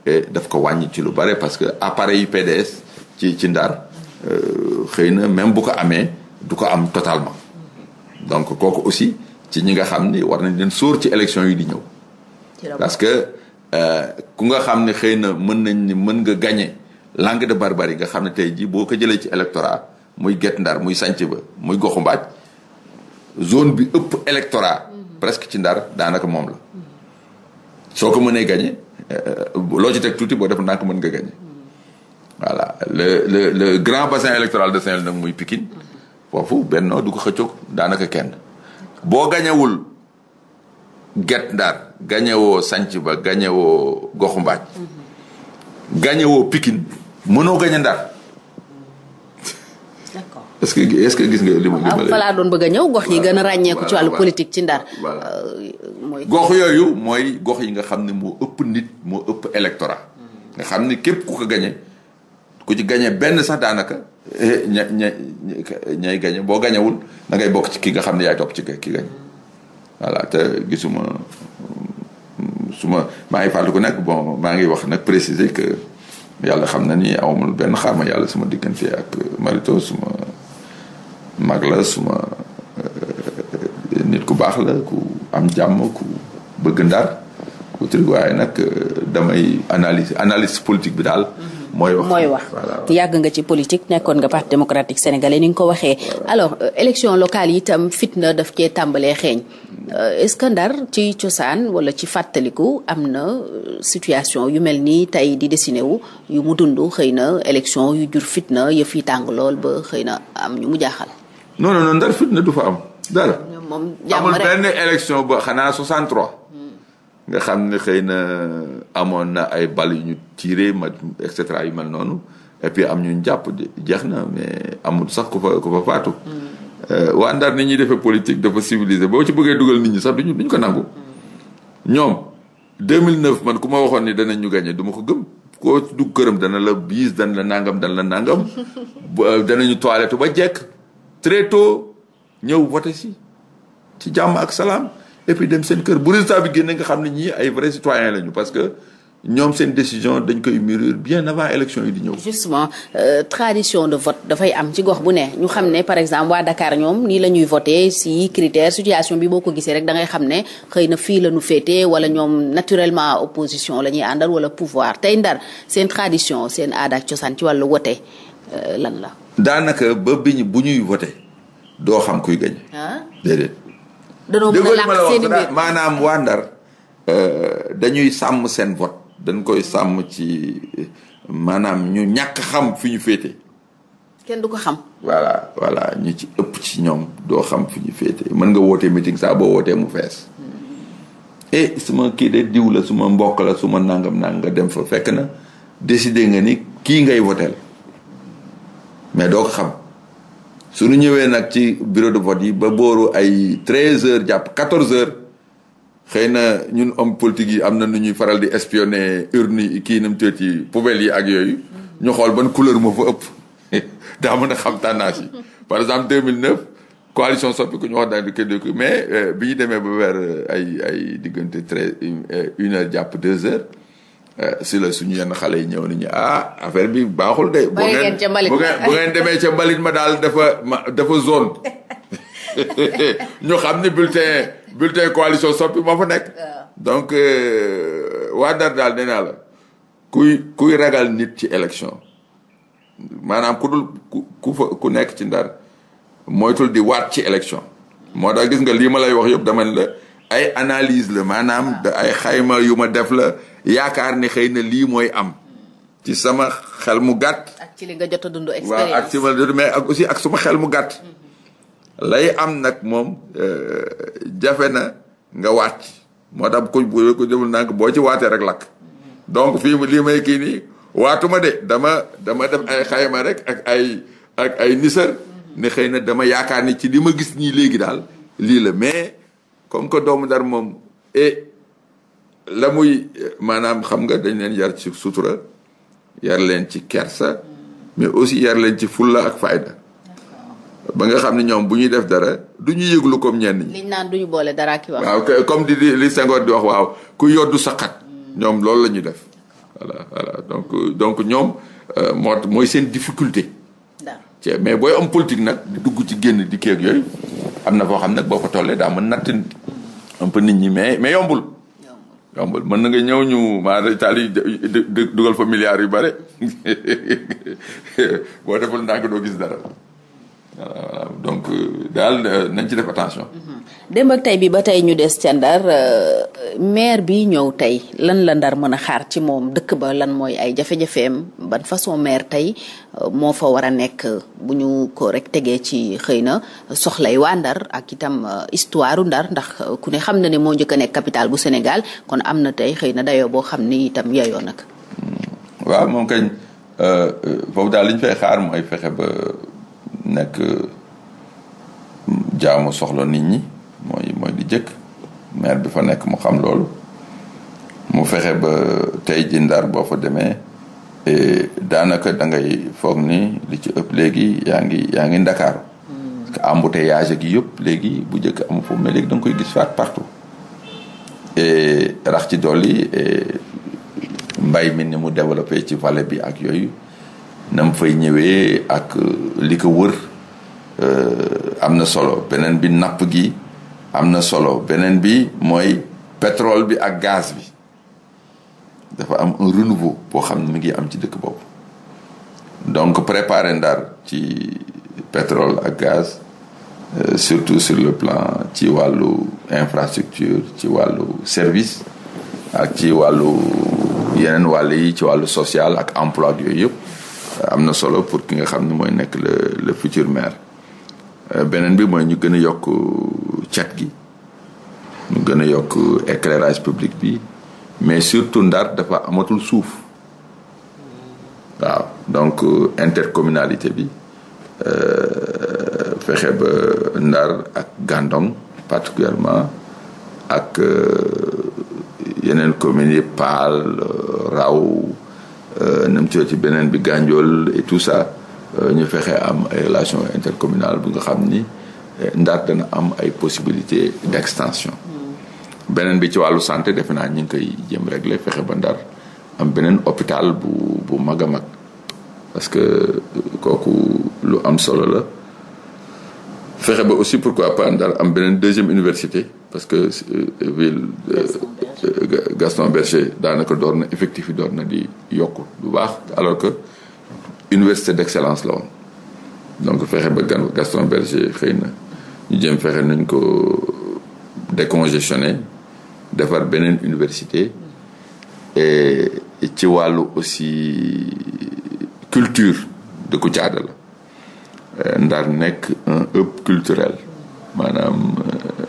eh, daf ko wàññi ci lu bare parce que appareil PDS ci ci Ndar euh, xëy na même bu ko amee du ko am totalement donc kooku aussi ci ñi nga xam ni war nañ leen sóor ci élection yi di ñëw parce que euh, ku nga xam ne xëy na mën nañ ni mën nga gañe langue de barbarie nga xam ne tey jii boo ko jëlee ci électorat muy Guet Ndar muy Sànc ba muy Goxu Mbaaj zone bi ëpp électorat presque ci Ndar daanaka moom la soo ko mënee gagné euh, loo ci teg tuuti boo defu ndànk mën nga gagné voilà le le le grand bassin électoral de Saint-Louis nag muy Pikine foofu Benno du ko xëccoog daanaka kenn boo gañawul get ndaar gañewoo sanc ba gañewoo goxu mbaaj gañewoo pikin mënoo gañe ndaar d'accord est-ce que ce que gis nga li ma li ma ah, laa a ñëw gox yi gën a ràññeeku ci wàllu politique ci ndar euh, mooy gox yooyu mooy gox yi nga xam ni moo ëpp nit moo ëpp électorat nga xam ni képp ku ko gañe ku ci gañe benn sax daanaka eh, ña ña ñay gañe boo gañewul da bokk ci ki nga xam ne yaa topp ci ki gañe voilà te gisuma su ma maa ngi fàttaliku nag bon maa ngi wax nag préciser que yàlla xam na ni awmul benn xaama yàlla suma diggante ak marito suma mag la suma euh, nit ku baax la ku am jàmm ku bëgg ndar ku trigo waaye nag euh, damay analise analyse politique bi daal mooy wax mooy wax yàgg nga ci politique nekkoon nga parti démocratique sénégalais ni nga ko waxee alors euh, élection locale yi itam fitna daf kee tàmbalee xeeñ Euh, est-ce que Ndar ci cosaan wala ci fàttaliku am na euh, situation yu mel nii tey di dessiné wu yu mu dund xëy na élection yu jur fitna yëf yi tàng lool ba xëy na am ñu mu jaaxal. Ndar fitna du fa am dara. moom xanaa 63. Hmm. nga xam xëy na amoon na ay bal yu ñu tiré ma yu mel noonu et puis am ñu jàpp jeex na mais amul sax ku fa faatu. Hmm. Euh, waa Ndar ni ñuy defee politique dafa civilisé boo ci bëggee dugal nit ñi sax duñu duñ ko nangu. ñoom mille 2009 man ku ma waxoon ni danañ ñu gagné du ma ko gëm koo dugg këram dana la biis dana la nangam dana la nangam. Euh, danañu toilette ba jekk très ñëw voté si ci jàmm ak salaam et dem seen kër bu résultat bi génne nga xam ne ñii ay vrais citoyens lañu parce que. ñoom seen décision dañ koy mûrir bien avant élection yi di ñëw. justement euh, tradition de vote dafay am ci gox bu ne ñu xam ne par exemple waa Dakar ñoom nii la ñuy voté si critère situation bi boo ko gisee rek da xam ne xëy na fii la ñu féetee wala ñoom naturellement opposition la ñuy àndal wala pouvoir tey ndar seen tradition seen aada cosaan ci wàllu wote euh, lan la. daanaka ba biñ bu ñuy voté doo xam kuy gañ. Ah? danoo mën a làq seen i maanaam waa euh, dañuy sàmm seen vote. dan koy sàmm ci maanaam ñu ñàkk xam fi ñu féete. kenn du ko xam. voilà voilà ñu ci ëpp ci ñoom doo xam fi ñu féete mën nga woote meeting saa boo wootee mu fees. e suma kii de diw suma mbokk la suma nangam nang nga dem fa fekk na décider nga ni kii ngay woteel mais doo ko xam su ñu ñëwee nag ci bureau de vote yi ba booru ay treize heures jàpp quatorze heures xëy na ñun homme politique yi am na nu ñuy faral di espionné urne kii nam tëet yi poubelle yi ak yooyu ñu xool ban couleur moo fa ëpp daa mën a xam tendance yi par exemple 2009 coalition soppi ku ñu wax daal di ko mais euh, bi ñu demee ba weer euh, ay ay diggante treize une euh, heure jàpp deux heures si la suñu yenn xale yi ñëw nañu ah affaire bi baaxul de bu ngeen bu ngeen demee ca mbalit ma daal dafa ma dafa zone ñu xam ni bulletin bulletin coalition soppi moo fa nekk. donc euh, waa Ndar daal nee naa la kuy kuy ragal nit ci élection maanaam ku dul ku ku ku nekk ci Ndar moytul di waat ci élection. moo tax gis nga lii ma lay wax yëpp dama ne la ay analyse la maanaam ay xayma yu ma def la yaakaar ni xëy na lii mooy am. Hmm. ci sama xel mu gàtt. ak ci li nga jot a dund expérience ak mais ak aussi ak suma xel mu gàtt. Hmm. lay am nag moom euh, jafe na nga waat moo tax ku ku jëmul ndànk boo ci waatee rek lakk donc fii lii may kii nii waatuma de dama dama def ay xayma rek ak ay ak ay nisar ne xëy na dama yaakaar ni ci li ma gis nii léegi daal lii la mais comme que doomu Ndar moom et la muy maanaam xam nga dañ leen yar ci sutura yar leen ci kersa mais aussi yar leen ci fulla ak fayda ba nga xam ne ñoom bu ñuy def dara du ñu yëglu comme ñenn ñi. liñ naan du ñu boole dara ak wax. comme di li Senghor di wax waaw ku yoddu saxat hmm. ñoom loolu la ñuy def donc euh, donc ñoom euh, moo mooy seen difficulté. ci mais booy am politique nag di dugg ci génn di kii ak yooyu am na foo xam nag boo fa tollee daa mën natt un peu nit ñi mais mais yombul. yombul mën na nga ñëw ñu maanaam Italie dugal fa milliare yu bare boo deful ndànk doo gis dara. voilà euh, donc euh, daal euh, nañ ci def attention. Mhm. démb ak tey bi ba tey ñu des ca ndar maire bi ñëw tey lan la ndar mën a xaar ci moom dëkk ba lan mooy ay jafe-jafeem ban façon maire tey moo fa war a nekk bu ñu ko rek tegee ci xëy na soxlay waa ndar ak itam histoire ndar ndax ku ne xam na ne moo njëkk a nekk capital bu Sénégal kon am na tey xëy na dayoo boo xam ni itam yayoo nag. Hmm. waaw moom kañ foofu daal li ñu xaar mooy fexe ba. nekk mm, jaamu soxla nit ñi mooy mooy di jëkk maire bi fa nekk mu xam loolu mu fexe ba tey ji Ndar boo fa demee e, daanaka da ngay foog ni li ci ëpp léegi yaa ngi yaa ngi Ndakaaru mm. parce que embouteillage gi yëpp léegi bu njëkk amu foofu ne léegi danga koy gis faat partout et rax ci dolli e, mbay mi ni mu développé ci vallée bi ak yooyu na mu fay ñëwee ak euh, li ko wër euh, am na solo beneen bi napp gi am na solo beneen bi mooy pétrole bi ak gaz bi dafa am un renouveau boo xam ne mi ngi am ci dëkk bopp donc préparer Ndar ci pétrole ak gaz euh, surtout sur le plan ci wàllu infrastructure ci wàllu service ak ci wàllu yeneen wàll yi ci wàllu sociale ak emploi yooyu yëpp am na solo pour ki nga xam ne mooy nekk le le futur maire euh, beneen bi mooy ñu gën a yokk cet gi ñu gën a yokk éclairage publique bi mais surtout Ndar dafa amatul suuf waaw donc euh, intercommunalité bi euh, fexe ba Ndar ak Gandon particulièrement ak yeneen communes yi Paal Raw Euh, nam ci ci beneen bi Gandiol et tout ça euh, ñu fexe am ay relations intercommunales bu nga xam ni euh, Ndar dana am ay possibilité d'extension mm. beneen bi ci wàllu santé defe naa ñu ngi koy jëm régler fexe ba Ndar am beneen hôpital bu bu mag a mag parce que kooku lu am solo la fexe ba aussi pour pourquoi pas Ndar am beneen deuxième université parce que euh, ville euh, euh, Gaston Berger daanaka door na effectif yi door na di yokk bu baax alors que université d'excellence la woon donc fexe ba gan Gaston Berger xëy na ñu jëm fexe nañ ko décongestionner defar beneen université et ci wàllu aussi culture dëkku caada la Eh, Ndar nekk un hub culturel maanaam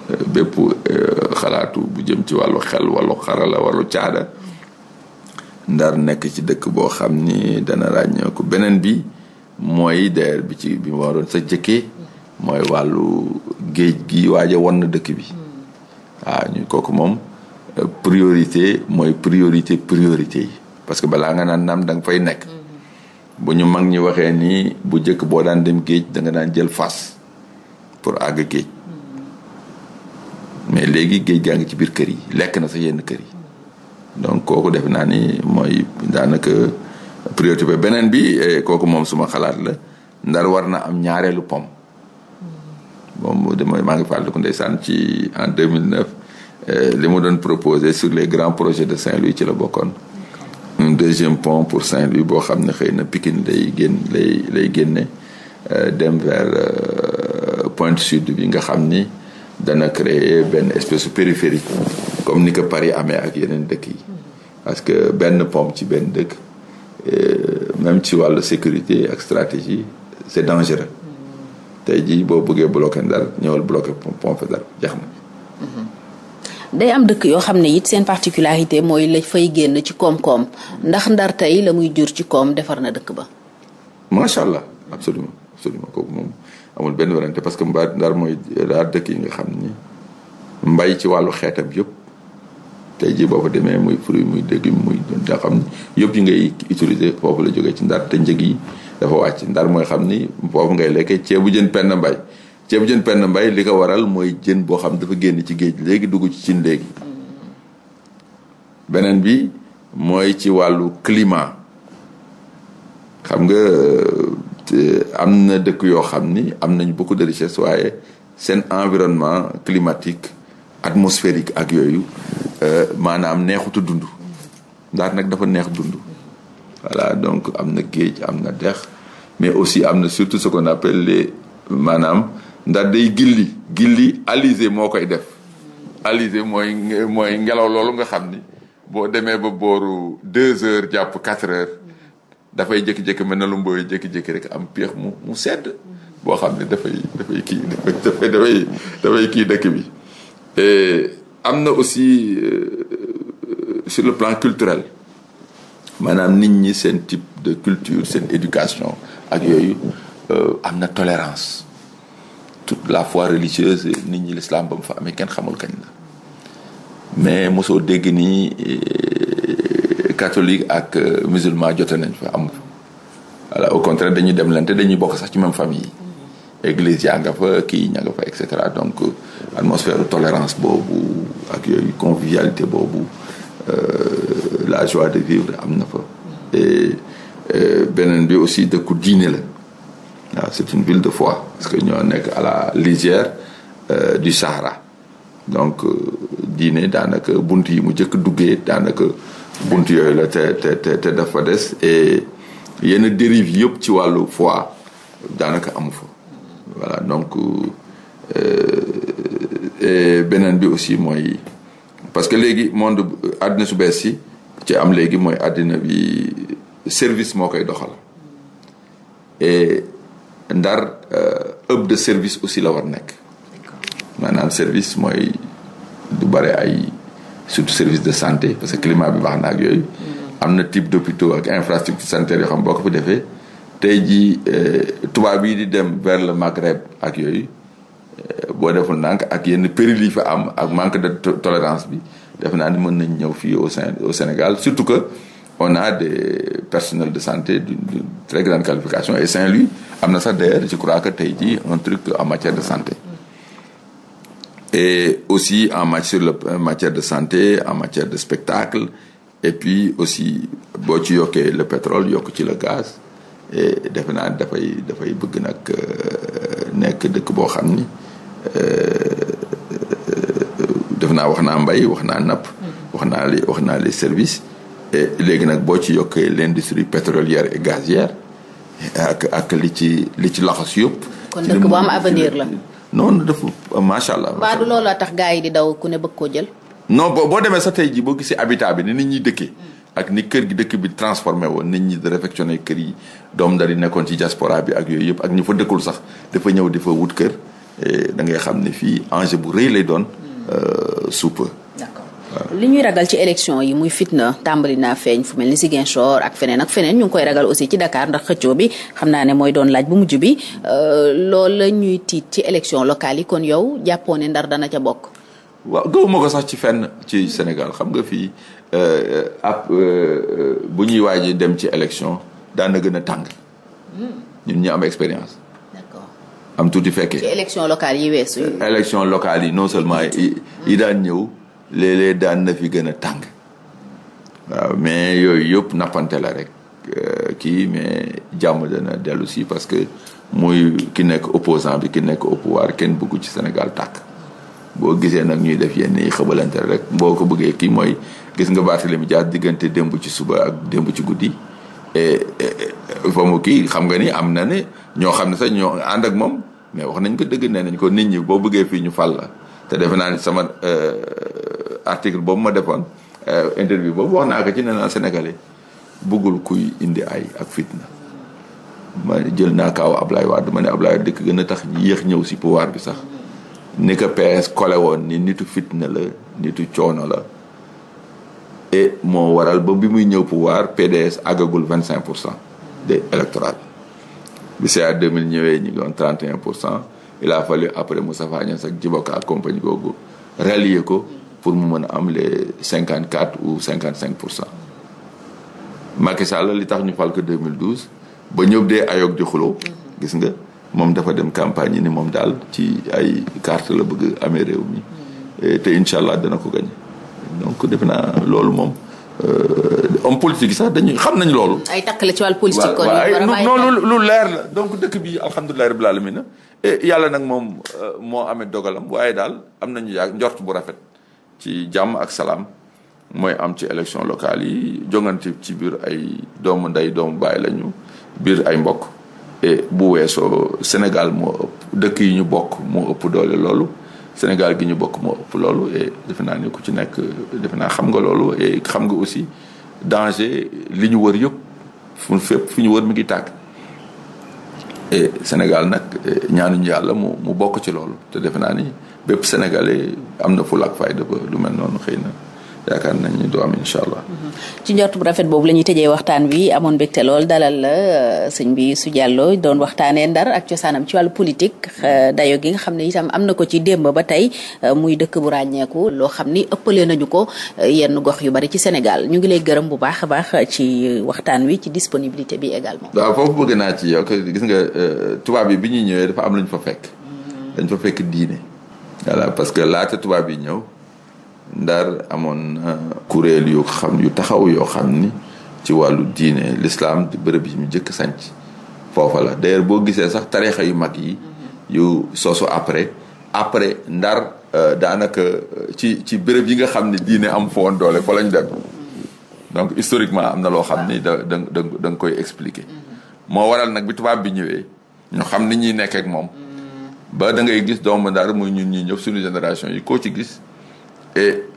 eh, bépp eh, xalaatu bu jëm ci wàllu xel wàllu xarala wàllu caada Ndar nekk ci dëkk boo xam ni dana ràññee ko beneen bi mooy deer bi ci bi ma waroon sa jëkkee mooy wàllu géej gi waaja won na dëkk bi waaw ah, ñu kooku moom priorité mooy priorité priorité yi parce que balaa nga naan naam da nga fay nekk bu ñu mag ñi waxee nii bu jëkk boo daan dem géej da daan jël fas pour àgg géej hmm. mais léegi géej gaa ngi ci biir kër yi lekk na sa yenn kër yi donc kooku def naa ni mooy daanaka priorité ba beneen bi eh, kooku moom suma xalaat la ndar war na am ñaareelu pom hmm. moom dama maa ngi fàttaliku ndeysaan ci en 2009 eh, li mu doon proposé sur les grands projets de Saint-Louis ci la bokkoon un deuxième pont pour Saint-Louis boo xam ne xëy na pikin lay génn lay lay génne euh, dem vers euh, point sud bi nga xam ni dana créer benn espèce de comme ni ko Paris amee ak yeneen dëkk yi parce que benn pont ci benn dëkk euh, même ci wàll sécurité ak stratégie c'est dangereux mm. tey jii boo bëggee bloquer ndar ñëwal bloquer pont Faidherbe jeex na mm-hmm. day am dëkk yoo xam ne it seen particularité mooy la fay génn ci koom-koom ndax ndar tey la muy jur ci koom defar na dëkk ba. macha allah absolument absolument kooku moom amul benn werante parce que mbaa ndar mooy daa dëkk yi nga xam ni mbay ci wàllu xeetam yëpp. tey jii boo fa demee muy fruit muy légume muy daa xam yëpp yi ngay utiliser foofu la jógee ci ndar te njëg yi dafa wàcc ndar mooy xam ni foofu ngay lekkee ceebu jën penn mbay ceebu jën penn mbay li ko waral mooy jën boo xam dafa génn ci géej léegi dugg ci cin léegi beneen bi mooy ci wàllu climat xam nga euh, am na dëkk yoo xam ni am nañ beaucoup de richesse waaye seen environnement climatique atmosphérique ak yooyu euh, maanaam neexutu dund ndax nag dafa neex dund voilà donc am na géej am na dex mais aussi am na surtout ce qu'on maanaam ndax day gilli gilli alizé moo koy def alizé mooy mooy ngelaw loolu nga xam ni boo demee ba booru deux heures jàpp quatre heures dafay jékki-jékki mel na lu mbooy jékki-jékki rek am peex mu mu sedd boo xam ne dafay dafay kii dafay dafay kii dëkk bi am na aussi euh, sur le plan culturel maanaam nit ñi seen type de culture seen éducation ak yooyu euh, am na tolérance toute la foi religieuse nit ñi l'islam ba fa amee kenn xamul kañ la mais mosoo dégg nii eh, catholique ak eh, musulman jote nañ fa amul voilà au contraire dañuy dem lante dañuy bokk sax ci même famille yi église nga fa kii ña nga fa et donc euh, atmosphère tolérance boobu ak yooyu convivialité boobu euh, la joie de vivre am na fa euh, beneen bi aussi dëkku diine la waaw ah, c'est une ville de fois parce que ñoo nekk à la lisière euh, du Sahara donc euh, diine daanaka bunt yi mu njëkk duggee daanaka bunt yooyu la te te dafa des et yenn dérive yëpp ci wàllu fois daanaka amu fa voilà donc euh, et beneen bi aussi mooy parce que léegi monde àddina su bees si ci am léegi mooy àddina bi service moo koy doxal et ndar euh, hub de service aussi la war nekk maanaam service mooy du bare ay surtout service de santé parce que climat bi baax na ak yooyu mm. am na type d'hôpitaux ak infrastructure sanitaire yoo xam boo ko fi defee te jii euh, tubaab yi di dem vers le Maghreb ak yooyu euh, boo deful ndànk ak yenn péril yi fa am ak manque de tolérance bi def naa ne mën nañ ñëw fii au Sénégal surtout que on a des personnels de santé d'une très grande qualification et Saint-Louis am na sax d'ailleurs je crois que tey jii un truc en matière de santé et aussi en matière en matière de santé en matière de spectacle et puis aussi boo ci yokkee le pétrole yokk ci le gaz et defe naa dafay dafay bëgg nag euh, nekk dëkk boo xam ni euh, euh, defe naa wax naa mbay wax naa napp mm-hmm. wax naa les wax naa les services Eh, léegi nag boo ci yokkee l'industrie pétrolière et gazière eh, ak ak li ci li ci laxas yëpp. kon dëkk bu am avenir la. noonu dafa macha allah. mbaa du looloo tax gars yi di daw ku ne bëgg koo jël. no boo boo demee sa tey jii boo gisee habitat bi ni nit ñi dëkkee. ak ni kër gi dëkk bi transformé woon nit ñi di réfectionné kër yi doom dari nekkoon ci diaspora bi ak yooyu yëpp ak ñu fa dëkkul sax dafa ñëw di fa wut kër eh, da ngay xam ne fii enjeu bu rëy lay doon. Hmm. Euh, suupa li ñuy ragal ci élection yi muy fitna tàmbali na feeñ fu mel ni Ziguinchor ak feneen ak feneen ñu ngi koy ragal aussi ci Dakar ndax xëccoo bi xam naa ne mooy doon laaj bu mujj bi euh, lool la ñuy tiit ci élection locale yi kon yow jàppoo ne Ndar dana ca bokk. waaw gëwuma ko sax ci fenn ci Sénégal xam nga fii euh, euh, ab bu ñuy waaj dem ci élection daana gën a tàng. Hmm. ñun ñu am expérience. d'accord am tuuti fekkee. ci élection locale yi weesu. élection locale yi non seulement yi daan ñëw. léeg-léeg daan na fi gën a tàng waaw mais yooyu yëpp nappante la rek euh, kii mais jàmm dana dellu si parce que muy ki nekk opposant bi ki nekk au pouvoir kenn bëggu ci Sénégal tàkk boo gisee nag ñuy def yenn yi xabalante rek boo ko bëggee kii mooy gis nga Barthélémy Dias diggante démb ci suba ak démb ci guddi et fa mu kii xam nga ni am na ne ñoo xam ne sax ñoo ànd ak moom mais wax nañ ko dëgg nee nañ ko nit ñi boo bëggee fii ñu fal la te defe naa ni sama euh, article boobu ma defoon euh, interview boobu wax naa ko ci nee naa Sénégalais bëggul kuy indi ay ak fitna. ma jël naa kaaw Ablaye du ma ne Ablaye Wade dikk gën a tax yéex ñëw si pouvoir bi sax ni ko PS kole woon ni nitu fitna la nitu coono la. et moo waral ba bi muy ñëw pouvoir PDS àggagul vingt cinq pour cent de électorat bi CA 2000 ñëwee ñu ngi woon trente un pour cent. il a fallu après Moustapha Niasse ak Djiboka ak compagnie googu rallier ko pour mu mën a am les cinquante quatre ou cinquante cinq pour cent. Macky Sall li tax ñu fal ko 2012 ba ñëw dee ayoog di xuloo gis nga moom dafa dem campagne yi ni moom daal ci ay carte la bëgg amee réew mi te incha allah dana ko gañ donc defe naa loolu moom. Euh, homme politique sax dañuy xam nañ loolu. ay takk la ci wàllu politique. kon non lu leer la donc dëkk bi alhamdulilah rabbil alamin Eh, yàlla nag moom eh, moo amee dogalam waaye daal am nañu yaa njort bu rafet ci jàmm ak salaam mooy am ci élection locale yi jongante ci biir ay doomu ndey doomu baay lañu biir ay mbokk et bu weesoo Sénégal moo ëpp dëkk yi ñu bokk moo ëpp doole loolu Sénégal gi ñu bokk moo ëpp loolu et defe naa ni ku ci nekk defe naa xam nga loolu et xam nga aussi danger li ñu wër yëpp fu fépp fu ñu wër mi ngi tàkk et Sénégal nag e, ñaanuñu yàlla mu mu bokk ci loolu te defe naa ni bépp sénégalais am na fulla ak fayda ba lu mel noonu xëy na. yaakaar nañ ni du am incha allah. Mm-hmm. ci njortu bu rafet boobu la ñuy tëjee waxtaan wi amoon mbégte lool dalal la euh, sëñ bi su jàlloo doon waxtaanee ndar ak cosaanam ci wàllu politique euh, dayo gi nga xam ne itam am na ko ci démb ba tey euh, muy dëkk bu ràññeeku loo xam ni ëppalee nañu ko yenn gox yu bari ci Sénégal ñu ngi lay gërëm bu baax a baax ci waxtaan wi ci disponibilité bi également. waaw foofu bëgg naa ci yokk gis nga tubaab yi bi ñuy ñëwee dafa am lu ñu fa fekk. Mm-hmm. dañ fa parce que laata tubaab yi ñëw. ndar amoon na kuréel yu xam yu taxaw yoo xam ni ci wàllu diine lislaam di bërëb yi mu njëkk sanc foofa la d'ailleurs boo gisee sax tarixa yu mag yi yu soosu après après ndar euh, daanaka euh, ci ci bërëb yi nga xam ne diine am foon doole fa lañ dem donc historiquement am na loo xam ni da da da koy expliquer moo waral nag bi tubaab bi ñëwee ñu xam ni ñuy nekk moom ba da ngay gis doomu ndar muy ñun ñii ñëpp suñu génération yi koo ci gis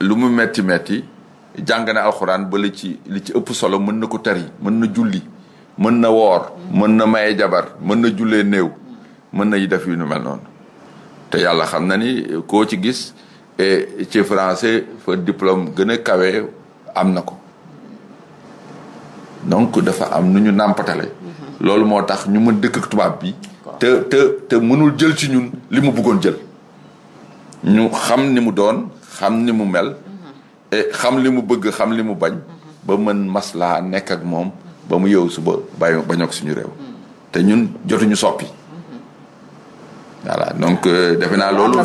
lu mu metti metti jàng na alxuraan ba li ci li ci ëpp solo mën na ko tari mën na julli mën na woor mën na maye jabar mën na jullee néew mën na yi def yu nu mel noonu te yàlla xam na ni koo ci gis et eh, ci français fa diplôme gën a kawe am na ko donc dafa am nu ñu nàmpatale loolu moo tax ñu ma dëkk tubaab bi te te mënul jël ci ñun li mu bëggoon jël ñu xam ni mu doon xam ni mu mel mm-hmm. eh, xam li mu bëgg xam li mu bañ mm-hmm. ba mën maslaa nekk ak moom ba mu yow suba bay bañ ak suñu réew mm-hmm. te ñun jotuñu soppi voilà donc euh, defe naa loolu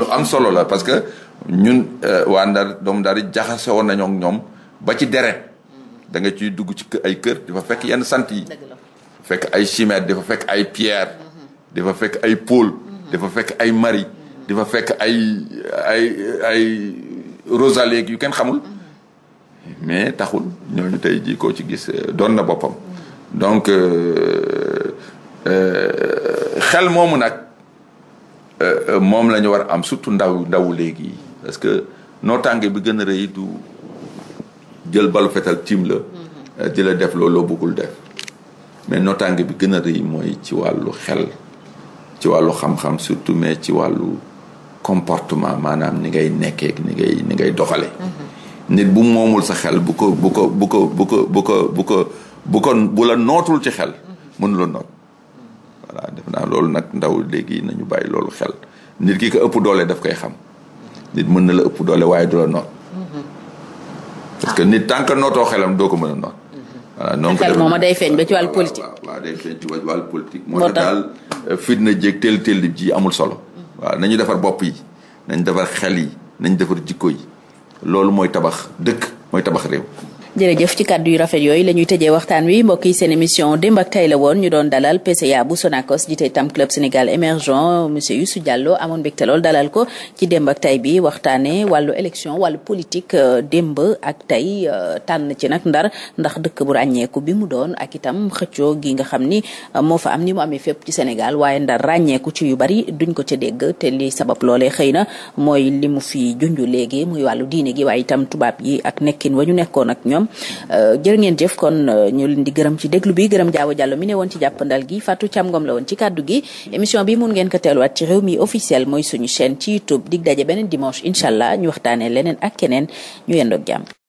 lu am solo la parce que ñun euh, waa Ndar doomu Ndar jaxase woon nañoo ñoom ba ci deret da nga ciy dugg ci ay kër dafa fekk yenn sant yi fekk ay chimère dafa fekk ay pierre dafa fekk ay pôle dafa fekk ay mari di fa fekk ay ay ay rosalie yu kenn xamul mais taxul ñooñu tey jii koo ci gis euh, doon na boppam donc euh, euh, xel moomu nag moom la ñu war am surtout ndaw ndawu léegi parce que nootaange bi gën a rëy du jël balu fetal tiim la mm-hmm. di la def looloo bëggul def mais nootaange bi gën a rëy mooy ci wàllu xel ci wàllu xam-xam surtout mais ci wàllu comportement maanaam ni ngay nekkee ni ngay ni ngay doxale nit bu moomul sa xel bu ko bu ko bu ko bu ko bu ko la nootul ci xel mënula noot voilà def naa loolu nag ndaw léegi nañu bàyyi loolu xel nit ki ko ëpp doole daf koy xam nit na la ëpp doole waaye du la noot parce que nit tant que nootoo xelam doo ko mën a noot xel moom day feeñ ba ci wàllu moo tax daal fitna jéeg teel teel ji amul solo waaw nañu defar bopp yi nañ defar xel yi nañ defar jikko yi loolu mooy tabax dëkk mooy tabax réew jërëjëf ci kàddu yu rafet yooyu la ñuy tëjee waxtaan wi mbokk yi seen émission démb ak tay la woon ñu doon dalal PCA bu Sonacos jiite tam club Sénégal émergent monsieur Youssou Diallo amoon mbégte lool dalal ko ci démb ak tay bi waxtaanee wàllu élection wàllu politique euh, démb ak tay euh, tànn ci nag ndar ndax dëkk bu ràññeeku bi mu doon ak itam xëccoo gi nga xam ni euh, moo fa am ni mu amee fépp ci Sénégal waaye ndar ràññeeku ci yu bari duñ ko ca dégg te li sabab loolee xëy na mooy li mu fi junj léegi muy wàllu diine gi waaye itam tubaab yi ak nekkin wa ñu nekkoon ak ñoom ñoom euh, jërë ngeen jëf kon euh, ñu leen di gërëm ci déglu bi gërëm jaaw jàllo mi ne woon ci jàppandal gi Fatou Thiam Ngom la woon ci kàddu gi émission bi mun ngeen ko teeluwaat ci réew mi officiel mooy suñu chaîne ci YouTube dig daje beneen dimanche incha allah ñu waxtaanee leneen ak keneen ñu yendoog jàmm